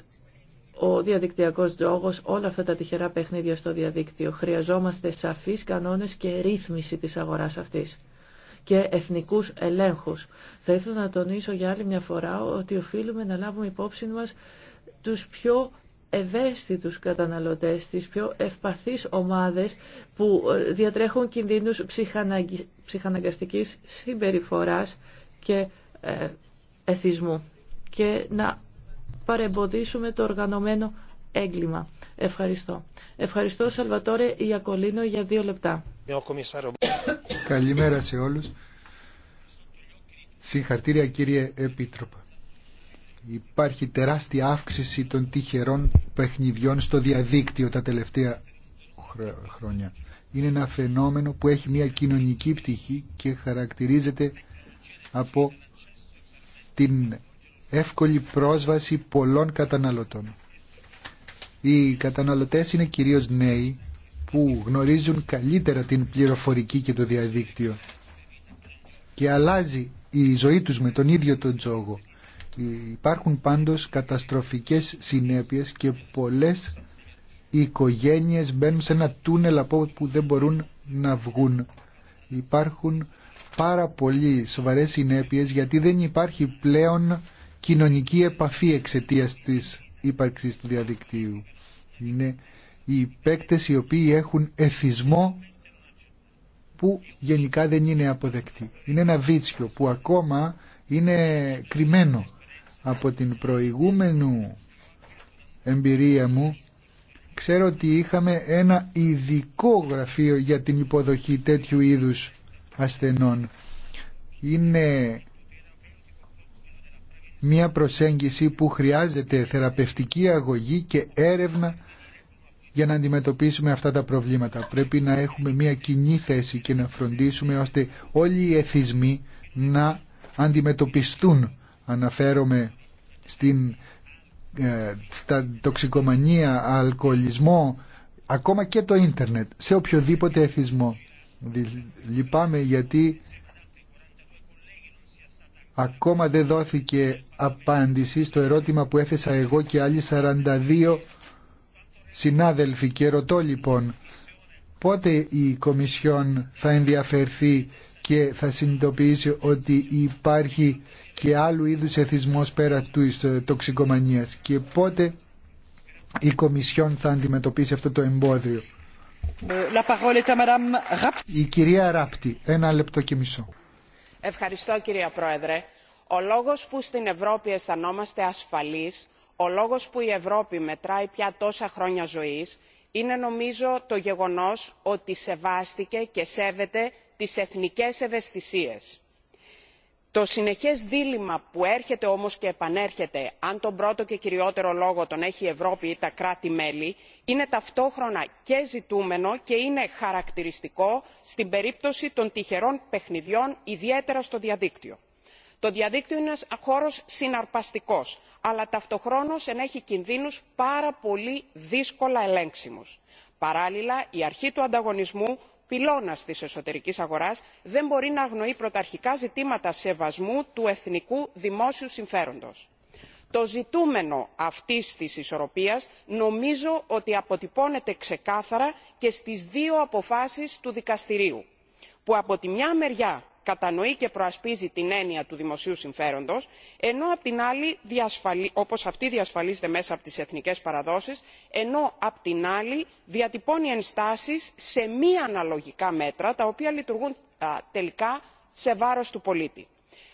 ο διαδικτυακός τζόγος, όλα αυτά τα τυχερά παιχνίδια στο διαδίκτυο. Χρειαζόμαστε σαφείς κανόνες και ρύθμιση της αγοράς αυτής και εθνικούς ελέγχους. Θα ήθελα να τονίσω για άλλη μια φορά ότι οφείλουμε να λάβουμε υπόψη μας τους πιο ευαίσθητους καταναλωτές, τις πιο ευπαθείς ομάδες που ε, διατρέχουν κινδύνους ψυχαναγκαστικής συμπεριφοράς και ε, εθισμού και να παρεμποδίσουμε το οργανωμένο έγκλημα. Ευχαριστώ. Ευχαριστώ Σαλβατόρε Ιακολίνο για δύο λεπτά. Καλημέρα σε όλους. Συγχαρτήρια κύριε Επίτροπα. Υπάρχει τεράστια αύξηση των τυχερών παιχνιδιών στο διαδίκτυο τα τελευταία χρόνια. Είναι ένα φαινόμενο που έχει μια κοινωνική πτυχή και χαρακτηρίζεται από την εύκολη πρόσβαση πολλών καταναλωτών. Οι καταναλωτές είναι κυρίως νέοι που γνωρίζουν καλύτερα την πληροφορική και το διαδίκτυο και αλλάζει η ζωή τους με τον ίδιο τον τζόγο. Υπάρχουν πάντως καταστροφικές συνέπειες και πολλές οι οικογένειες μπαίνουν σε ένα τούνελ από όπου δεν μπορούν να βγουν. Υπάρχουν πάρα πολλοί σοβαρές συνέπειες γιατί δεν υπάρχει πλέον κοινωνική επαφή εξαιτίας της ύπαρξης του διαδικτύου. Είναι οι παίκτες οι οποίοι έχουν εθισμό που γενικά δεν είναι αποδεκτή. Είναι ένα βίτσιο που ακόμα είναι κρυμμένο από την προηγούμενη εμπειρία μου ξέρω ότι είχαμε ένα ειδικό γραφείο για την υποδοχή τέτοιου είδους ασθενών. Είναι μια προσέγγιση που χρειάζεται θεραπευτική αγωγή και έρευνα για να αντιμετωπίσουμε αυτά τα προβλήματα. Πρέπει να έχουμε μια κοινή θέση και να φροντίσουμε ώστε όλοι οι εθισμοί να αντιμετωπιστούν. Αναφέρομαι στην ε, στα τοξικομανία, αλκοολισμό, ακόμα και το ίντερνετ, σε οποιοδήποτε εθισμό. Λυπάμαι γιατί ακόμα δεν δόθηκε απάντηση στο ερώτημα που έθεσα εγώ και άλλοι 42 συνάδελφοι και ρωτώ λοιπόν πότε η Κομισιόν θα ενδιαφερθεί και θα συνειδητοποιήσει ότι υπάρχει και άλλου είδους εθισμός πέρα του τοξικομανίας και πότε η Κομισιόν θα αντιμετωπίσει αυτό το εμπόδιο. Η κυρία Ράπτη, ένα λεπτό και μισό. Ευχαριστώ κυρία Πρόεδρε. Ο λόγος που στην Ευρώπη αισθανόμαστε ασφαλείς ο λόγος που η ευρώπη μετράει πια τόσα χρόνια ζωής είναι νομίζω το γεγονός ότι σεβάστηκε και σέβεται τις εθνικές ευαισθησίες. το συνεχές δίλημμα που έρχεται όμως και επανέρχεται αν τον πρώτο και κυριότερο λόγο τον έχει η ευρώπη ή τα κράτη μέλη είναι ταυτόχρονα και ζητούμενο και είναι χαρακτηριστικό στην περίπτωση των τυχερών παιχνιδιών ιδιαίτερα στο διαδίκτυο το διαδίκτυο είναι ένας χώρος συναρπαστικός αλλά ταυτοχρόνως ενέχει κινδύνους πάρα πολύ δύσκολα ελέγξιμους. παράλληλα η αρχή του ανταγωνισμού πυλώνας της εσωτερικής αγοράς δεν μπορεί να αγνοεί πρωταρχικά ζητήματα σεβασμού του εθνικού δημόσιου συμφέροντος. το ζητούμενο αυτής της ισορροπίας νομίζω ότι αποτυπώνεται ξεκάθαρα και στις δύο αποφάσεις του δικαστηρίου που από τη μια μεριά κατανοεί και προασπίζει την έννοια του δημοσίου συμφέροντος ενώ απ' την άλλη όπως αυτή διασφαλίζεται μέσα από τις εθνικές παραδόσεις ενώ απ' την άλλη διατυπώνει ενστάσεις σε μη αναλογικά μέτρα τα οποία λειτουργούν τελικά σε βάρος του πολίτη.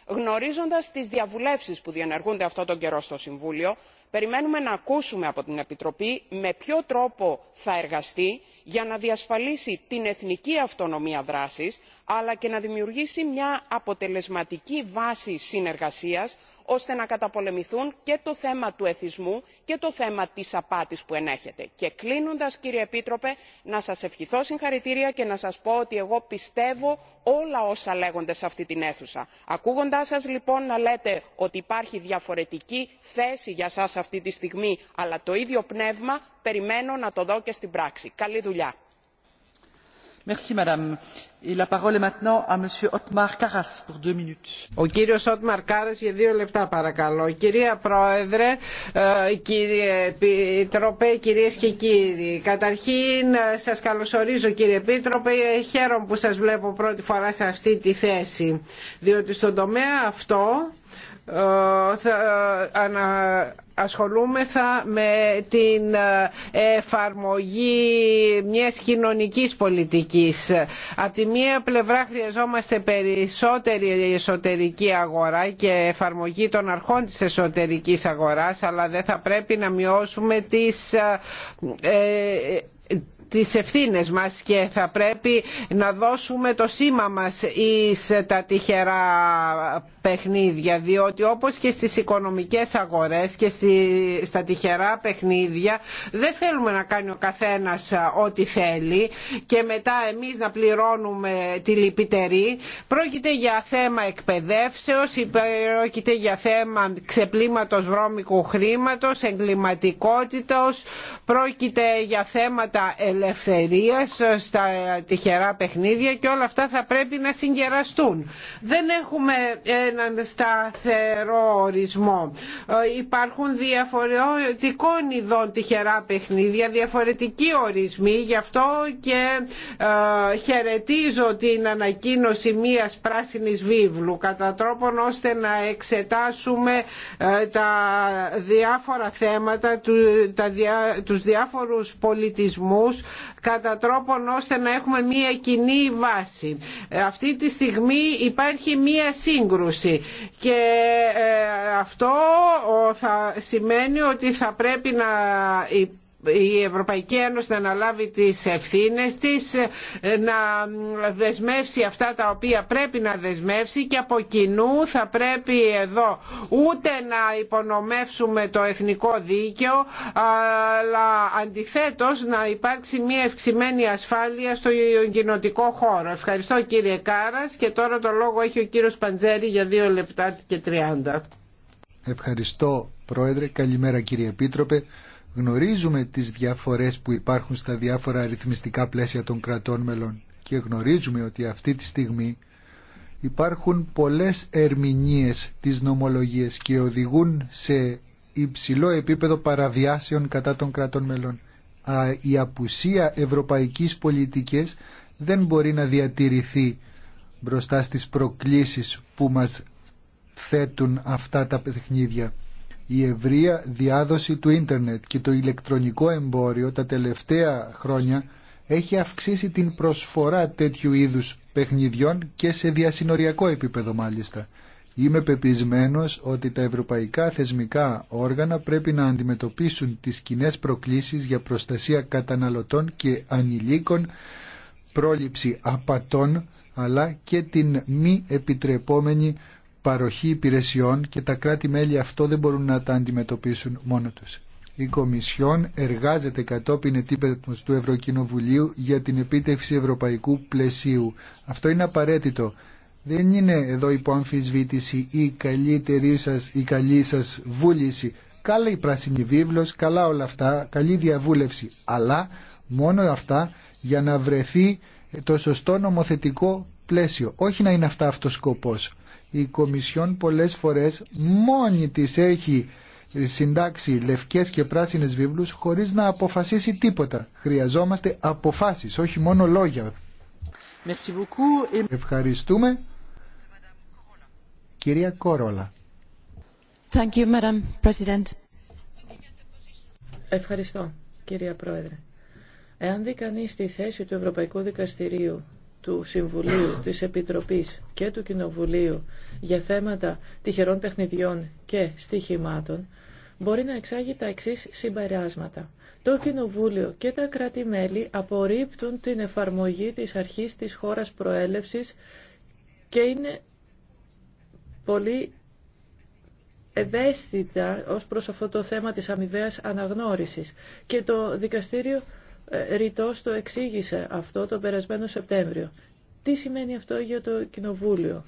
γνωρίζοντας τις διαβουλεύσεις που διενεργούνται αυτόν τον καιρό στο συμβούλιο περιμένουμε να ακούσουμε από την επιτροπή με ποιο τρόπο θα εργαστεί για να διασφαλίσει την εθνική αυτονομία δράσης αλλά και να δημιουργήσει μια αποτελεσματική βάση συνεργασίας ώστε να καταπολεμηθούν και το θέμα του εθισμού και το θέμα της απάτης που ενέχεται. και κλείνοντας κύριε επίτροπε να σας ευχηθώ συγχαρητήρια και να σας πω ότι εγώ πιστεύω όλα όσα λέγονται σε αυτή την αίθουσα. ακούγοντάς σας λοιπόν να λέτε ότι υπάρχει διαφορετική θέση για σας αυτή τη στιγμή αλλά το ίδιο πνεύμα περιμένω να το δω και στην πράξη. καλή δουλειά. Ο κύριος Ότμαρ Κάρας για δύο λεπτά παρακαλώ. Κυρία Πρόεδρε, ε, κύριε κυρίες και κύριοι. Καταρχήν ε, σας καλωσορίζω κύριε Επίτροπε. Χαίρομαι που σας βλέπω πρώτη φορά σε αυτή τη θέση. Διότι στον τομέα αυτό ε, θα ε, ανα, ασχολούμεθα με την ε, εφαρμογή μιας κοινωνικής πολιτικής. Από τη μία πλευρά χρειαζόμαστε περισσότερη εσωτερική αγορά και εφαρμογή των αρχών της εσωτερικής αγοράς, αλλά δεν θα πρέπει να μειώσουμε τις τις ευθύνες μας και θα πρέπει να δώσουμε το σήμα μας εις τα τυχερά παιχνίδια διότι όπως και στις οικονομικές αγορές και στα τυχερά παιχνίδια δεν θέλουμε να κάνει ο καθένας ό,τι θέλει και μετά εμείς να πληρώνουμε τη λυπητερή πρόκειται για θέμα εκπαιδεύσεως πρόκειται για θέμα ξεπλήματος βρώμικου χρήματος εγκληματικότητος πρόκειται για θέματα ελευθερίας στα τυχερά παιχνίδια και όλα αυτά θα πρέπει να συγκεραστούν. Δεν έχουμε έναν σταθερό ορισμό. Ε, υπάρχουν διαφορετικών ειδών τυχερά παιχνίδια, διαφορετικοί ορισμοί. Γι' αυτό και ε, χαιρετίζω την ανακοίνωση μίας πράσινης βίβλου κατά τρόπον ώστε να εξετάσουμε ε, τα διάφορα θέματα, τους διάφορους πολιτισμούς κατά τρόπον ώστε να έχουμε μία κοινή βάση. Ε, αυτή τη στιγμή υπάρχει μία σύγκρουση και ε, αυτό θα σημαίνει ότι θα πρέπει να η Ευρωπαϊκή Ένωση να αναλάβει τις ευθύνες της, να δεσμεύσει αυτά τα οποία πρέπει να δεσμεύσει και από κοινού θα πρέπει εδώ ούτε να υπονομεύσουμε το εθνικό δίκαιο αλλά αντιθέτως να υπάρξει μια ευξημένη ασφάλεια στο κοινοτικό χώρο. Ευχαριστώ κύριε Κάρας και τώρα το λόγο έχει ο κύριος Παντζέρη για δύο λεπτά και τριάντα. Ευχαριστώ Πρόεδρε, καλημέρα κύριε Επίτροπε. Γνωρίζουμε τις διαφορές που υπάρχουν στα διάφορα αριθμιστικά πλαίσια των κρατών μελών και γνωρίζουμε ότι αυτή τη στιγμή υπάρχουν πολλές ερμηνείες της νομολογίας και οδηγούν σε υψηλό επίπεδο παραβιάσεων κατά των κρατών μελών. Η απουσία ευρωπαϊκής πολιτικής δεν μπορεί να διατηρηθεί μπροστά στις προκλήσεις που μας θέτουν αυτά τα παιχνίδια η ευρεία διάδοση του ίντερνετ και το ηλεκτρονικό εμπόριο τα τελευταία χρόνια έχει αυξήσει την προσφορά τέτοιου είδους παιχνιδιών και σε διασυνοριακό επίπεδο μάλιστα. Είμαι πεπισμένος ότι τα ευρωπαϊκά θεσμικά όργανα πρέπει να αντιμετωπίσουν τις κοινέ προκλήσεις για προστασία καταναλωτών και ανηλίκων, πρόληψη απατών, αλλά και την μη επιτρεπόμενη παροχή υπηρεσιών και τα κράτη-μέλη αυτό δεν μπορούν να τα αντιμετωπίσουν μόνο τους. Η Κομισιόν εργάζεται κατόπιν ετύπετος του Ευρωκοινοβουλίου για την επίτευξη ευρωπαϊκού πλαισίου. Αυτό είναι απαραίτητο. Δεν είναι εδώ υπό αμφισβήτηση η καλύτερη σας, η καλή σας βούληση. Καλά η πράσινη βίβλος, καλά όλα αυτά, καλή διαβούλευση. Αλλά μόνο αυτά για να βρεθεί το σωστό νομοθετικό πλαίσιο. Όχι να είναι αυτά αυτός σκοπός η Κομισιόν πολλές φορές μόνη της έχει συντάξει λευκές και πράσινες βίβλους χωρίς να αποφασίσει τίποτα. Χρειαζόμαστε αποφάσεις, όχι μόνο λόγια. Ευχαριστούμε. Κυρία Κόρολα. Ευχαριστώ, κυρία Πρόεδρε. Εάν δει κανείς τη θέση του Ευρωπαϊκού Δικαστηρίου του Συμβουλίου, της Επιτροπής και του Κοινοβουλίου για θέματα τυχερών παιχνιδιών και στοιχημάτων, μπορεί να εξάγει τα εξής συμπεράσματα. Το Κοινοβούλιο και τα κράτη-μέλη απορρίπτουν την εφαρμογή της αρχής της χώρας προέλευσης και είναι πολύ ευαίσθητα ως προς αυτό το θέμα της αμοιβαίας αναγνώρισης. Και το Δικαστήριο ε, ρητός το εξήγησε αυτό το περασμένο Σεπτέμβριο. Τι σημαίνει αυτό για το Κοινοβούλιο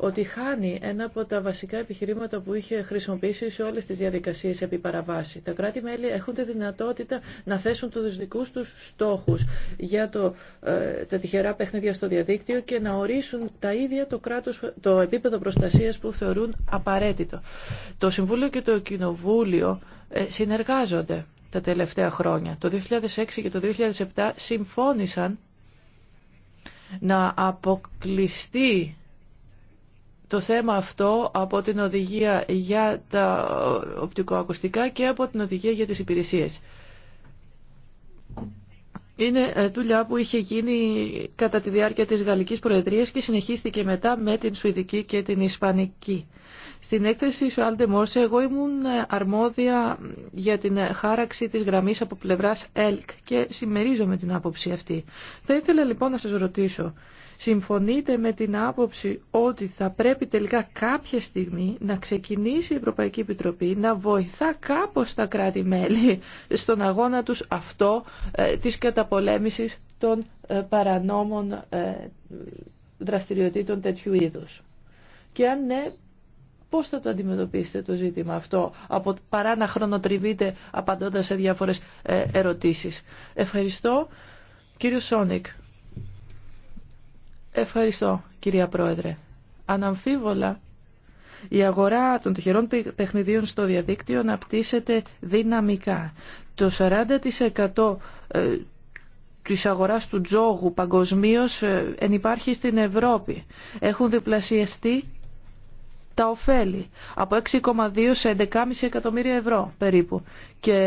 ότι χάνει ένα από τα βασικά επιχειρήματα που είχε χρησιμοποιήσει σε όλες τις διαδικασίες επί παραβάση. Τα κράτη-μέλη έχουν τη δυνατότητα να θέσουν τους δικούς τους στόχους για το, ε, τα τυχερά παιχνίδια στο διαδίκτυο και να ορίσουν τα ίδια το, κράτος, το επίπεδο προστασίας που θεωρούν απαραίτητο. Το Συμβούλιο και το Κοινοβούλιο ε, συνεργάζονται τα τελευταία χρόνια. Το 2006 και το 2007 συμφώνησαν να αποκλειστεί το θέμα αυτό από την οδηγία για τα οπτικοακουστικά και από την οδηγία για τις υπηρεσίες. Είναι ε, δουλειά που είχε γίνει κατά τη διάρκεια της Γαλλικής Προεδρίας και συνεχίστηκε μετά με την Σουηδική και την Ισπανική. Στην έκθεση σου Άλντε Μόρσε, εγώ ήμουν ε, αρμόδια για την ε, χάραξη της γραμμής από πλευράς ΕΛΚ και συμμερίζομαι την άποψη αυτή. Θα ήθελα λοιπόν να σας ρωτήσω, Συμφωνείτε με την άποψη ότι θα πρέπει τελικά κάποια στιγμή να ξεκινήσει η Ευρωπαϊκή Επιτροπή να βοηθά κάπως τα κράτη-μέλη στον αγώνα τους αυτό ε, της καταπολέμησης των ε, παρανόμων ε, δραστηριοτήτων τέτοιου είδους. Και αν ναι, πώς θα το αντιμετωπίσετε το ζήτημα αυτό, από, παρά να χρονοτριβείτε απαντώντας σε διάφορες ερωτήσεις. Ευχαριστώ. Κύριο Σόνικ. Ευχαριστώ, κυρία Πρόεδρε. Αναμφίβολα, η αγορά των τυχερών παιχνιδίων στο διαδίκτυο αναπτύσσεται δυναμικά. Το 40% ε, της αγοράς του τζόγου παγκοσμίω ε, ενυπάρχει στην Ευρώπη. Έχουν διπλασιαστεί τα ωφέλη από 6,2 σε 11,5 εκατομμύρια ευρώ περίπου. Και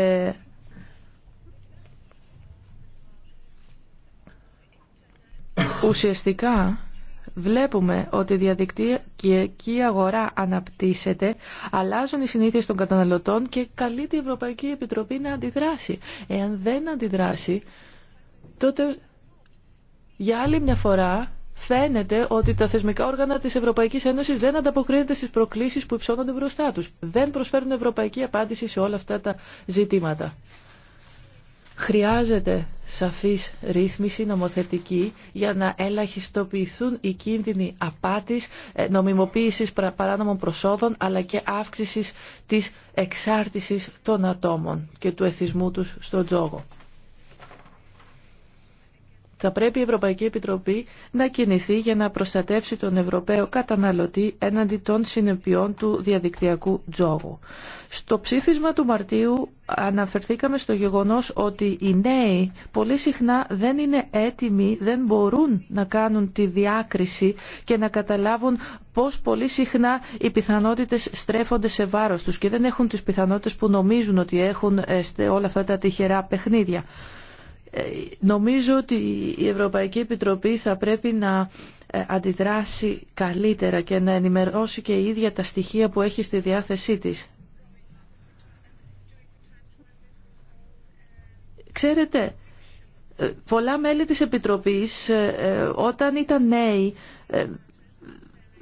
Ουσιαστικά βλέπουμε ότι η διαδικτυακή αγορά αναπτύσσεται, αλλάζουν οι συνήθειες των καταναλωτών και καλεί την Ευρωπαϊκή Επιτροπή να αντιδράσει. Εάν δεν αντιδράσει, τότε για άλλη μια φορά φαίνεται ότι τα θεσμικά όργανα της Ευρωπαϊκής Ένωσης δεν ανταποκρίνονται στις προκλήσεις που υψώνονται μπροστά τους. Δεν προσφέρουν ευρωπαϊκή απάντηση σε όλα αυτά τα ζητήματα. Χρειάζεται σαφής ρύθμιση νομοθετική για να ελαχιστοποιηθούν οι κίνδυνοι απάτης, ε, νομιμοποίησης παράνομων προσόδων αλλά και αύξησης της εξάρτησης των ατόμων και του εθισμού τους στον τζόγο. Θα πρέπει η Ευρωπαϊκή Επιτροπή να κινηθεί για να προστατεύσει τον Ευρωπαίο καταναλωτή έναντι των συνεπειών του διαδικτυακού τζόγου. Στο ψήφισμα του Μαρτίου αναφερθήκαμε στο γεγονός ότι οι νέοι πολύ συχνά δεν είναι έτοιμοι, δεν μπορούν να κάνουν τη διάκριση και να καταλάβουν πως πολύ συχνά οι πιθανότητες στρέφονται σε βάρος τους και δεν έχουν τις πιθανότητες που νομίζουν ότι έχουν ε, όλα αυτά τα τυχερά παιχνίδια. Νομίζω ότι η Ευρωπαϊκή Επιτροπή θα πρέπει να ε, αντιδράσει καλύτερα και να ενημερώσει και η ίδια τα στοιχεία που έχει στη διάθεσή της. Ξέρετε, ε, πολλά μέλη της Επιτροπής ε, όταν ήταν νέοι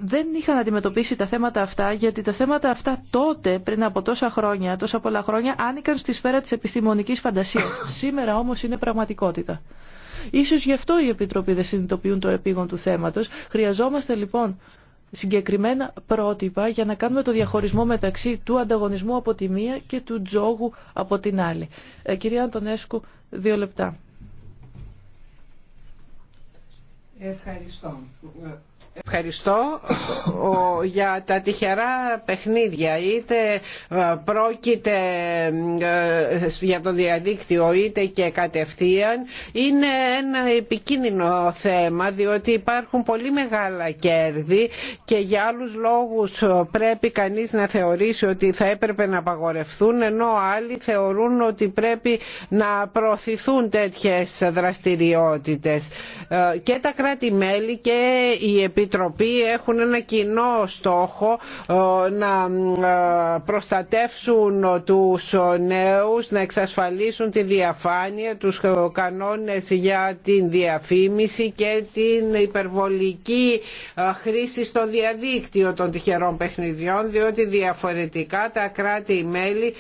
δεν είχαν αντιμετωπίσει τα θέματα αυτά, γιατί τα θέματα αυτά τότε, πριν από τόσα χρόνια, τόσα πολλά χρόνια, άνοικαν στη σφαίρα της επιστημονικής φαντασίας. Σήμερα όμως είναι πραγματικότητα. Ίσως γι' αυτό οι Επιτροποί δεν συνειδητοποιούν το επίγον του θέματος. Χρειαζόμαστε λοιπόν συγκεκριμένα πρότυπα για να κάνουμε το διαχωρισμό μεταξύ του ανταγωνισμού από τη μία και του τζόγου από την άλλη. Ε, κυρία Αντωνέσκου, δύο λεπτά. Ευχαριστώ. Ε, Ευχαριστώ για τα τυχερά παιχνίδια είτε ε, πρόκειται ε, για το διαδίκτυο είτε και κατευθείαν είναι ένα επικίνδυνο θέμα διότι υπάρχουν πολύ μεγάλα κέρδη και για άλλους λόγους πρέπει κανείς να θεωρήσει ότι θα έπρεπε να απαγορευτούν ενώ άλλοι θεωρούν ότι πρέπει να προωθηθούν τέτοιες δραστηριότητες ε, και τα κράτη-μέλη και οι Επιτροπή έχουν ένα κοινό στόχο ε, να ε, προστατεύσουν τους νέους, να εξασφαλίσουν τη διαφάνεια, τους ε, κανόνες για την διαφήμιση και την υπερβολική χρήση στο διαδίκτυο των τυχερών παιχνιδιών, διότι διαφορετικά τα κράτη-μέλη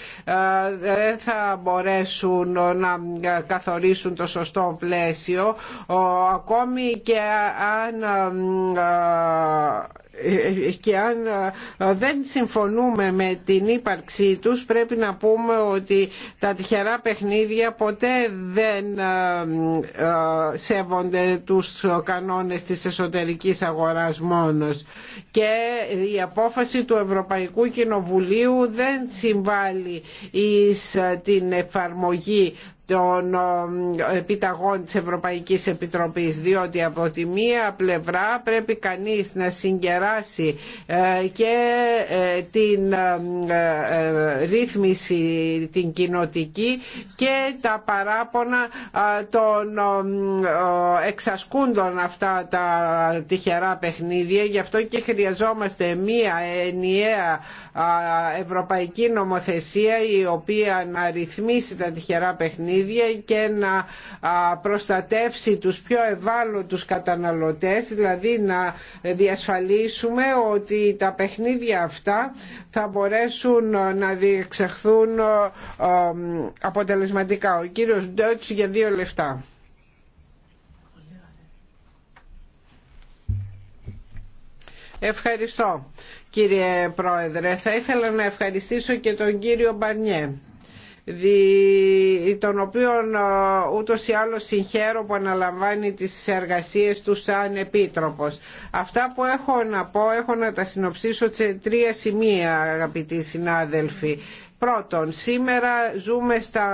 δεν θα μπορέσουν να καθορίσουν το σωστό πλαίσιο, ακόμη και αν και αν ε, δεν συμφωνούμε με την ύπαρξή τους πρέπει να πούμε ότι τα τυχερά παιχνίδια ποτέ δεν ε, ε, σέβονται τους κανόνες της εσωτερικής αγοράς μόνος και η απόφαση του Ευρωπαϊκού Κοινοβουλίου δεν συμβάλλει εις την εφαρμογή των επιταγών της Ευρωπαϊκής Επιτροπής διότι από τη μία πλευρά πρέπει κανείς να συγκεράσει ε, και ε, την ε, ρύθμιση την κοινοτική και τα παράπονα των εξασκούντων αυτά τα τυχερά παιχνίδια γι' αυτό και χρειαζόμαστε μία ενιαία ευρωπαϊκή νομοθεσία η οποία να ρυθμίσει τα τυχερά παιχνίδια και να προστατεύσει τους πιο ευάλωτους καταναλωτές δηλαδή να διασφαλίσουμε ότι τα παιχνίδια αυτά θα μπορέσουν να διεξαχθούν αποτελεσματικά. Ο κύριος Ντότς για δύο λεφτά. Ευχαριστώ κύριε Πρόεδρε. Θα ήθελα να ευχαριστήσω και τον κύριο δι τον οποίον ε, ούτως ή άλλως συγχαίρω που αναλαμβάνει τις εργασίες του σαν επίτροπος. Αυτά που έχω να πω έχω να τα συνοψίσω σε τρία σημεία αγαπητοί συνάδελφοι. Πρώτον, σήμερα ζούμε στα,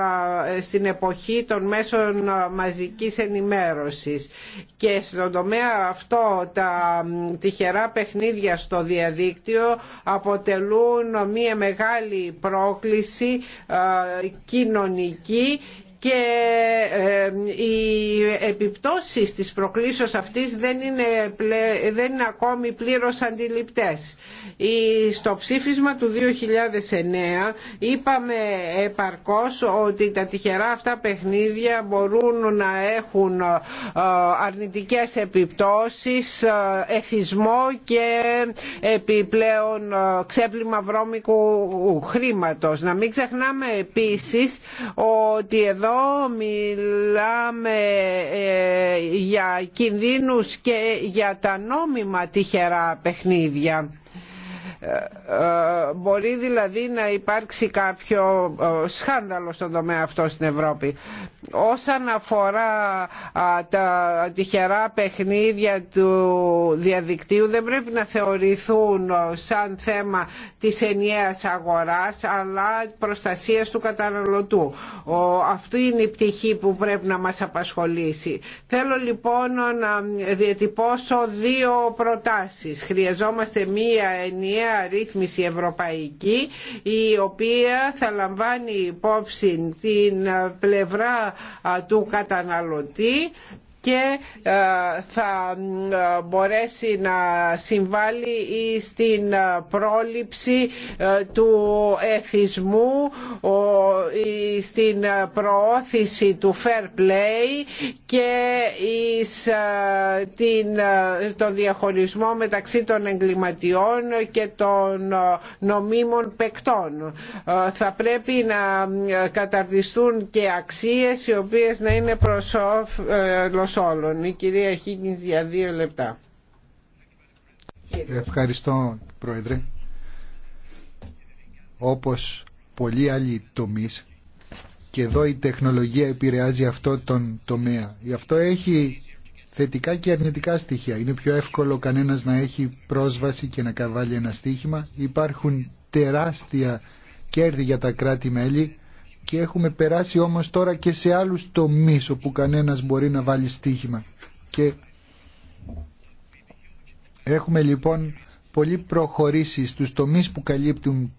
στην εποχή των μέσων μαζικής ενημέρωσης και στον τομέα αυτό τα τυχερά παιχνίδια στο διαδίκτυο αποτελούν μια μεγάλη πρόκληση κοινωνική και ε, οι επιπτώσεις της προκλήσεως αυτής δεν είναι, δεν είναι ακόμη πλήρως αντιληπτές. Στο ψήφισμα του 2009 είπαμε επαρκώς ότι τα τυχερά αυτά παιχνίδια μπορούν να έχουν ε, αρνητικές επιπτώσεις, ε, εθισμό και επιπλέον ε, ξέπλυμα βρώμικου χρήματος. Να μην ξεχνάμε επίσης ότι εδώ μιλάμε για κινδύνους και για τα νόμιμα τυχερά παιχνίδια ε, ε, μπορεί δηλαδή να υπάρξει κάποιο ε, σκάνδαλο στον τομέα αυτό στην Ευρώπη. Όσον αφορά τα τυχερά παιχνίδια του διαδικτύου δεν πρέπει να θεωρηθούν σαν θέμα της ενιαίας αγοράς αλλά προστασίας του καταναλωτού. Αυτή είναι η πτυχή που πρέπει να μας απασχολήσει. Θέλω λοιπόν να διατυπώσω δύο προτάσεις. Χρειαζόμαστε μία ενιαία ευρωπαϊκή η οποία θα λαμβάνει υπόψη την πλευρά του καταναλωτή και ε, θα ε, μπορέσει να συμβάλλει στην ε, πρόληψη του εθισμού, στην προώθηση του fair play και στο τον διαχωρισμό μεταξύ των εγκληματιών και των νομίμων παικτών. Θα πρέπει να καταρτιστούν και αξίες οι οποίες να είναι προς όλων. Η κυρία Χίγκινς για δύο λεπτά. Ευχαριστώ Πρόεδρε. Όπως πολλοί άλλοι τομείς και εδώ η τεχνολογία επηρεάζει αυτό τον τομέα. Γι' αυτό έχει θετικά και αρνητικά στοιχεία. Είναι πιο εύκολο κανένας να έχει πρόσβαση και να καβάλει ένα στοίχημα. Υπάρχουν τεράστια κέρδη για τα κράτη-μέλη και έχουμε περάσει όμως τώρα και σε άλλους τομείς όπου κανένας μπορεί να βάλει στίχημα Και έχουμε λοιπόν πολύ προχωρήσει στους τομείς που καλύπτουν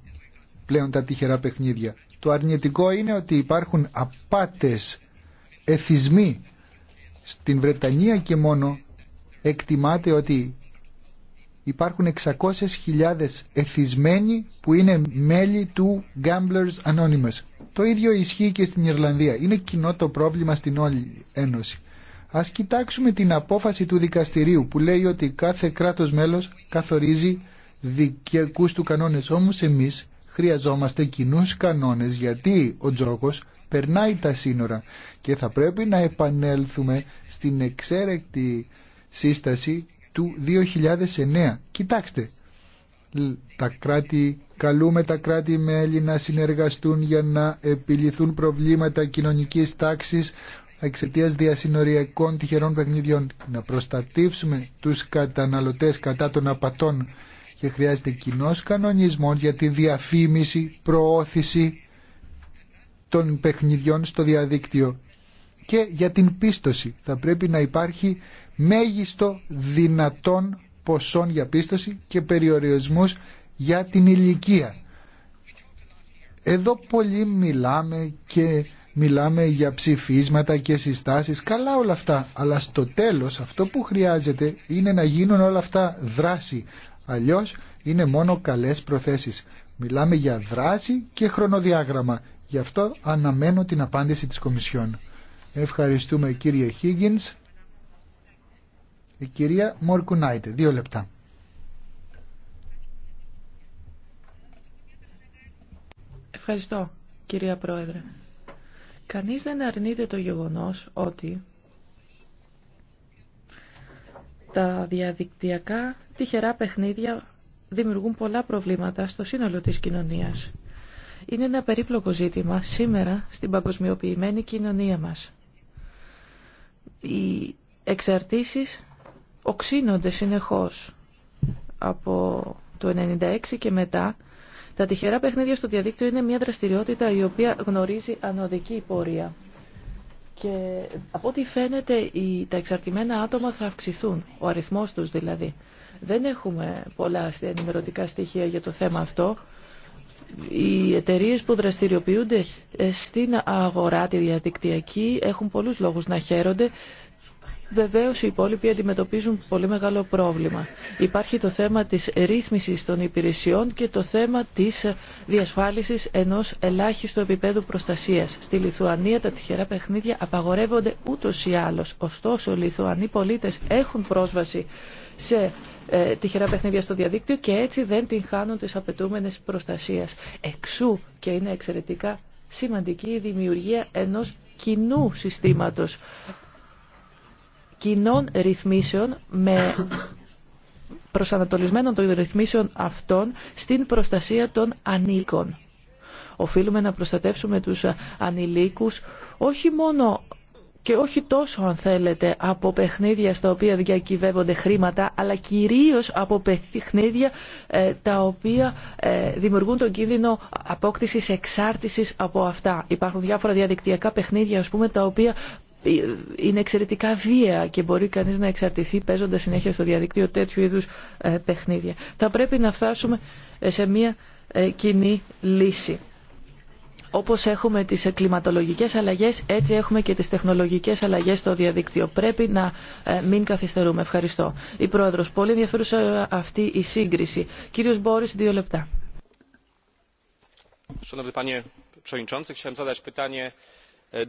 πλέον τα τυχερά παιχνίδια. Το αρνητικό είναι ότι υπάρχουν απάτες, εθισμοί. Στην Βρετανία και μόνο εκτιμάται ότι υπάρχουν 600.000 εθισμένοι που είναι μέλη του Gamblers Anonymous. Το ίδιο ισχύει και στην Ιρλανδία. Είναι κοινό το πρόβλημα στην όλη Ένωση. Α κοιτάξουμε την απόφαση του δικαστηρίου που λέει ότι κάθε κράτος μέλος καθορίζει δικαιού του κανόνες. Όμως εμείς χρειαζόμαστε κοινού κανόνες γιατί ο τζόκο περνάει τα σύνορα και θα πρέπει να επανέλθουμε στην εξέρεκτη σύσταση του 2009. Κοιτάξτε, τα κράτη, καλούμε τα κράτη-μέλη να συνεργαστούν για να επιληθούν προβλήματα κοινωνικής τάξης εξαιτία διασυνοριακών τυχερών παιχνιδιών. Να προστατεύσουμε τους καταναλωτές κατά των απατών και χρειάζεται κοινό κανονισμό για τη διαφήμιση, προώθηση των παιχνιδιών στο διαδίκτυο και για την πίστοση. Θα πρέπει να υπάρχει μέγιστο δυνατόν ποσών για πίστοση και περιορισμούς για την ηλικία. Εδώ πολύ μιλάμε και μιλάμε για ψηφίσματα και συστάσεις, καλά όλα αυτά, αλλά στο τέλος αυτό που χρειάζεται είναι να γίνουν όλα αυτά δράση, αλλιώς είναι μόνο καλές προθέσεις. Μιλάμε για δράση και χρονοδιάγραμμα, γι' αυτό αναμένω την απάντηση της Κομισιόν. Ευχαριστούμε κύριε Higgins. Η κυρία Μορκουνάιτε, δύο λεπτά. Ευχαριστώ, κυρία Πρόεδρε. Κανείς δεν αρνείται το γεγονός ότι τα διαδικτυακά τυχερά παιχνίδια δημιουργούν πολλά προβλήματα στο σύνολο της κοινωνίας. Είναι ένα περίπλοκο ζήτημα σήμερα στην παγκοσμιοποιημένη κοινωνία μας. Οι εξαρτήσεις οξύνονται συνεχώς από το 96 και μετά. Τα τυχερά παιχνίδια στο διαδίκτυο είναι μια δραστηριότητα η οποία γνωρίζει ανωδική πορεία. Και από ό,τι φαίνεται τα εξαρτημένα άτομα θα αυξηθούν, ο αριθμός τους δηλαδή. Δεν έχουμε πολλά ενημερωτικά στοιχεία για το θέμα αυτό. Οι εταιρείε που δραστηριοποιούνται ε, στην αγορά τη διαδικτυακή έχουν πολλούς λόγους να χαίρονται Βεβαίω οι υπόλοιποι αντιμετωπίζουν πολύ μεγάλο πρόβλημα. Υπάρχει το θέμα τη ρύθμιση των υπηρεσιών και το θέμα τη διασφάλισης ενό ελάχιστου επίπεδου προστασία. Στη Λιθουανία τα τυχερά παιχνίδια απαγορεύονται ούτω ή άλλω. Ωστόσο, οι Λιθουανοί πολίτε έχουν πρόσβαση σε ε, τυχερά παιχνίδια στο διαδίκτυο και έτσι δεν την χάνουν τις απαιτούμενε προστασιες Εξού και είναι εξαιρετικά σημαντική η δημιουργία ενό κοινού συστήματος κοινών ρυθμίσεων με προσανατολισμένων των ρυθμίσεων αυτών στην προστασία των ανήλικων. Οφείλουμε να προστατεύσουμε τους ανηλίκους όχι μόνο και όχι τόσο αν θέλετε από παιχνίδια στα οποία διακυβεύονται χρήματα αλλά κυρίως από παιχνίδια ε, τα οποία ε, δημιουργούν τον κίνδυνο απόκτησης εξάρτησης από αυτά. Υπάρχουν διάφορα διαδικτυακά παιχνίδια τα οποία είναι εξαιρετικά βία και μπορεί κανείς να εξαρτηθεί παίζοντας συνέχεια στο διαδικτύο τέτοιου είδους ε, παιχνίδια. Θα πρέπει να φτάσουμε ε, σε μια ε, κοινή λύση. Όπως έχουμε τις κλιματολογικές αλλαγές, έτσι έχουμε και τις τεχνολογικές αλλαγές στο διαδίκτυο. Πρέπει να μην καθυστερούμε. Ευχαριστώ. Η Πρόεδρος, πολύ ενδιαφέρουσα αυτή η σύγκριση. Κύριος Μπόρις, δύο λεπτά. E,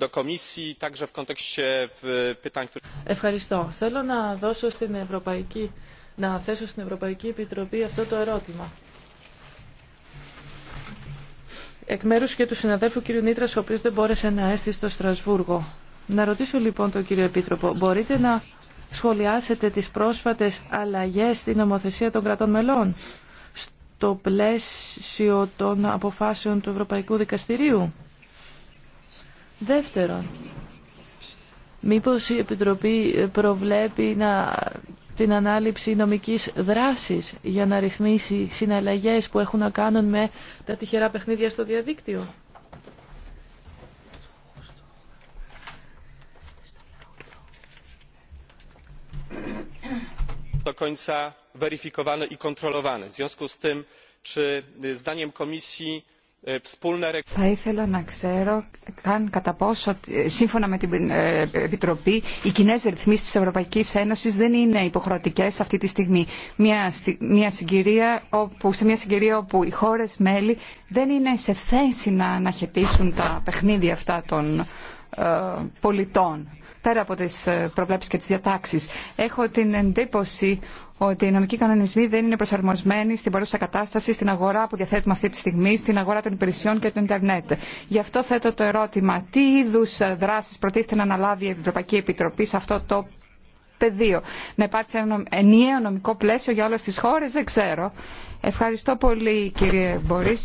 Ευχαριστώ. Θέλω να δώσω στην Ευρωπαϊκή να θέσω στην Ευρωπαϊκή Επιτροπή αυτό το ερώτημα. Εκ μέρους και του συναδέλφου κ. Νίτρας, ο οποίος δεν μπόρεσε να έρθει στο Στρασβούργο. Να ρωτήσω λοιπόν τον κύριο Επίτροπο, μπορείτε να σχολιάσετε τις πρόσφατες αλλαγές στην νομοθεσία των κρατών μελών στο πλαίσιο των αποφάσεων του Ευρωπαϊκού Δικαστηρίου. Δεύτερον, μήπως η Επιτροπή προβλέπει να την ανάληψη νομικής δράσης για να ρυθμίσει συναλλαγές που έχουν να κάνουν με τα τυχερά παιχνίδια στο διαδίκτυο. do końca weryfikowane i kontrolowane. w związku z tym czy zdaniem komisji ε, Θα ήθελα να ξέρω καν κατά πόσο, ε, σύμφωνα με την ε, Επιτροπή, οι κοινέ ρυθμίσει τη Ευρωπαϊκή Ένωση δεν είναι υποχρεωτικέ αυτή τη στιγμή. Μια, μια όπου, σε μια συγκυρία όπου οι χώρε μέλη δεν είναι σε θέση να αναχαιτήσουν τα παιχνίδια αυτά των πολιτών πέρα από τις ε, προβλέψεις και τις διατάξεις. Έχω την εντύπωση ότι οι νομικοί κανονισμοί δεν είναι προσαρμοσμένοι στην παρούσα κατάσταση, στην αγορά που διαθέτουμε αυτή τη στιγμή, στην αγορά των υπηρεσιών και του Ιντερνετ. Γι' αυτό θέτω το ερώτημα, τι είδου ε, δράσει προτίθεται να αναλάβει η Ευρωπαϊκή Επιτροπή σε αυτό το πεδίο. Να υπάρξει ένα ενιαίο νομικό πλαίσιο για όλε τι χώρε, δεν ξέρω. Ευχαριστώ πολύ, κύριε Μπορή.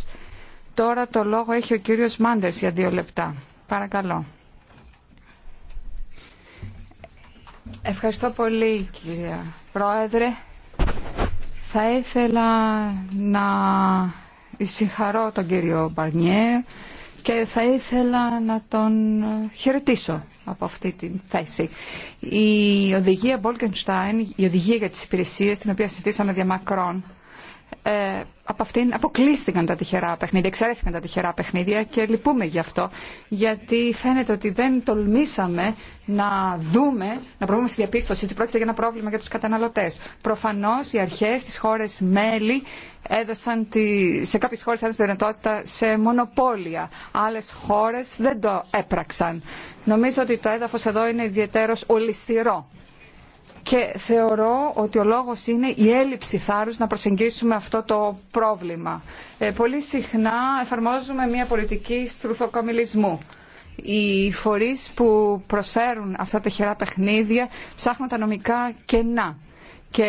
Τώρα το λόγο έχει ο κύριο Μάντερ για δύο λεπτά. Παρακαλώ. Ευχαριστώ πολύ κύριε Πρόεδρε. Θα ήθελα να συγχαρώ τον κύριο Μπαρνιέ και θα ήθελα να τον χαιρετήσω από αυτή την θέση. Η οδηγία Μπόλκενστάιν, η οδηγία για τις υπηρεσίες, την οποία συζητήσαμε Μακρόν, ε, από αυτήν αποκλείστηκαν τα τυχερά παιχνίδια, εξαιρέθηκαν τα τυχερά παιχνίδια και λυπούμε γι' αυτό. Γιατί φαίνεται ότι δεν τολμήσαμε να δούμε, να προβούμε στη διαπίστωση ότι πρόκειται για ένα πρόβλημα για τους καταναλωτές. Προφανώς οι αρχές της χώρες μέλη έδωσαν τη, σε κάποιες χώρες έδωσαν τη δυνατότητα σε μονοπόλια. Άλλες χώρες δεν το έπραξαν. Νομίζω ότι το έδαφος εδώ είναι ιδιαίτερος ολισθηρό. Και θεωρώ ότι ο λόγος είναι η έλλειψη θάρρους να προσεγγίσουμε αυτό το πρόβλημα. Ε, πολύ συχνά εφαρμόζουμε μια πολιτική στρουθοκαμιλισμού. Οι φορείς που προσφέρουν αυτά τα χερά παιχνίδια ψάχνουν τα νομικά κενά. Και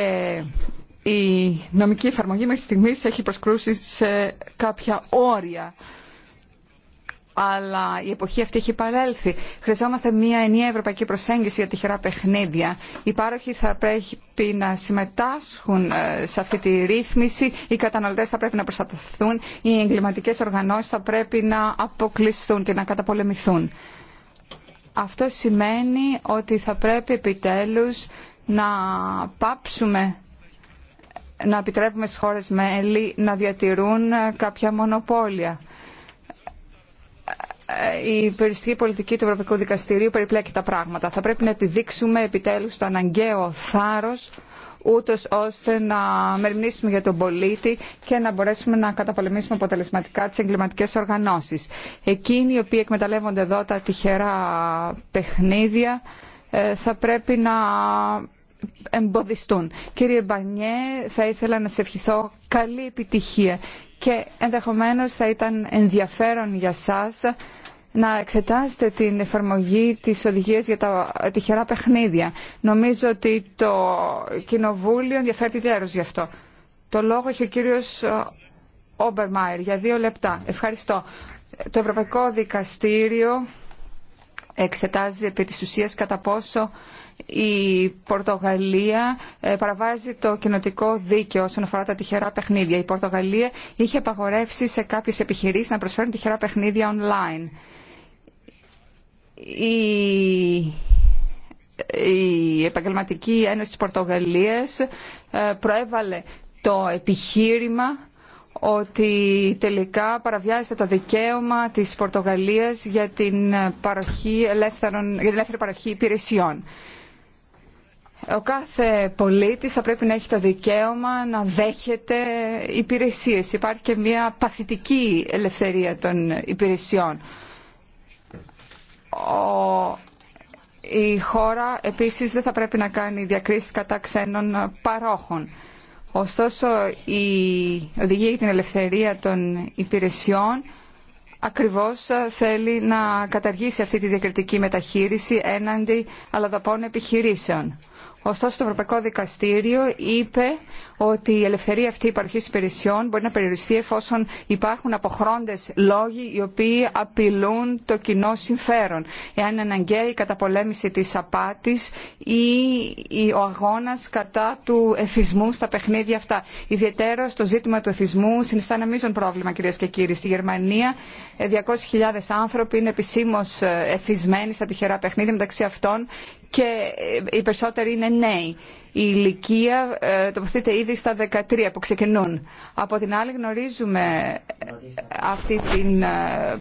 η νομική εφαρμογή μέχρι στιγμής έχει προσκρούσει σε κάποια όρια αλλά η εποχή αυτή έχει παρέλθει. Χρειαζόμαστε μια ενιαία ευρωπαϊκή προσέγγιση για τυχερά παιχνίδια. Οι πάροχοι θα πρέπει να συμμετάσχουν ε, σε αυτή τη ρύθμιση, οι καταναλωτέ θα πρέπει να προστατευθούν, οι εγκληματικέ οργανώσει θα πρέπει να αποκλειστούν και να καταπολεμηθούν. Αυτό σημαίνει ότι θα πρέπει επιτέλους να πάψουμε να επιτρέπουμε στις χώρες μέλη να διατηρούν ε, κάποια μονοπόλια ε, η περιοριστική πολιτική του Ευρωπαϊκού Δικαστηρίου περιπλέκει τα πράγματα. Θα πρέπει να επιδείξουμε επιτέλους το αναγκαίο θάρρος ούτως ώστε να μερμνήσουμε για τον πολίτη και να μπορέσουμε να καταπολεμήσουμε αποτελεσματικά τις εγκληματικές οργανώσεις. Εκείνοι οι οποίοι εκμεταλλεύονται εδώ τα τυχερά παιχνίδια ε, θα πρέπει να εμποδιστούν. Κύριε Μπανιέ, θα ήθελα να σε ευχηθώ καλή επιτυχία και ενδεχομένως θα ήταν ενδιαφέρον για σας να εξετάσετε την εφαρμογή της οδηγίας για τα τυχερά παιχνίδια. Νομίζω ότι το Κοινοβούλιο ενδιαφέρει ιδιαίτερως γι' αυτό. Το λόγο έχει ο κύριος ε, Όμπερμαϊρ για δύο λεπτά. Ευχαριστώ. Το Ευρωπαϊκό Δικαστήριο εξετάζει επί της ουσίας κατά πόσο η Πορτογαλία ε, παραβάζει το κοινοτικό δίκαιο όσον αφορά τα τυχερά παιχνίδια. Η Πορτογαλία είχε απαγορεύσει σε κάποιες επιχειρήσεις να προσφέρουν τυχερά παιχνίδια online η η Επαγγελματική Ένωση της Πορτογαλίας ε, προέβαλε το επιχείρημα ότι τελικά παραβιάζεται το δικαίωμα της Πορτογαλίας για την, παροχή ελεύθερων, για την ελεύθερη παροχή υπηρεσιών. Ο κάθε πολίτης θα πρέπει να έχει το δικαίωμα να δέχεται υπηρεσίες. Υπάρχει και μια παθητική ελευθερία των υπηρεσιών. Η χώρα επίσης δεν θα πρέπει να κάνει διακρίσεις κατά ξένων παρόχων. Ωστόσο, η οδηγία για την ελευθερία των υπηρεσιών ακριβώς θέλει να καταργήσει αυτή τη διακριτική μεταχείριση έναντι αλλοδαπών επιχειρήσεων. Ωστόσο, το Ευρωπαϊκό Δικαστήριο είπε ότι η ελευθερία αυτή υπαρχή υπηρεσιών μπορεί να περιοριστεί εφόσον υπάρχουν αποχρόντε λόγοι οι οποίοι απειλούν το κοινό συμφέρον. Εάν είναι αναγκαία η καταπολέμηση τη απάτη ή ο αγώνα κατά του εθισμού στα παιχνίδια αυτά. Ιδιαίτερα στο ζήτημα του εθισμού συνιστά ένα μείζον πρόβλημα, κυρίε και κύριοι. Στη Γερμανία 200.000 ε, άνθρωποι είναι επισήμω ε, εθισμένοι στα τυχερά παιχνίδια, μεταξύ αυτών και οι περισσότεροι είναι νέοι. Η ηλικία ε, τοποθετείται ήδη στα 13 που ξεκινούν. Από την άλλη γνωρίζουμε ε, αυτή την ε,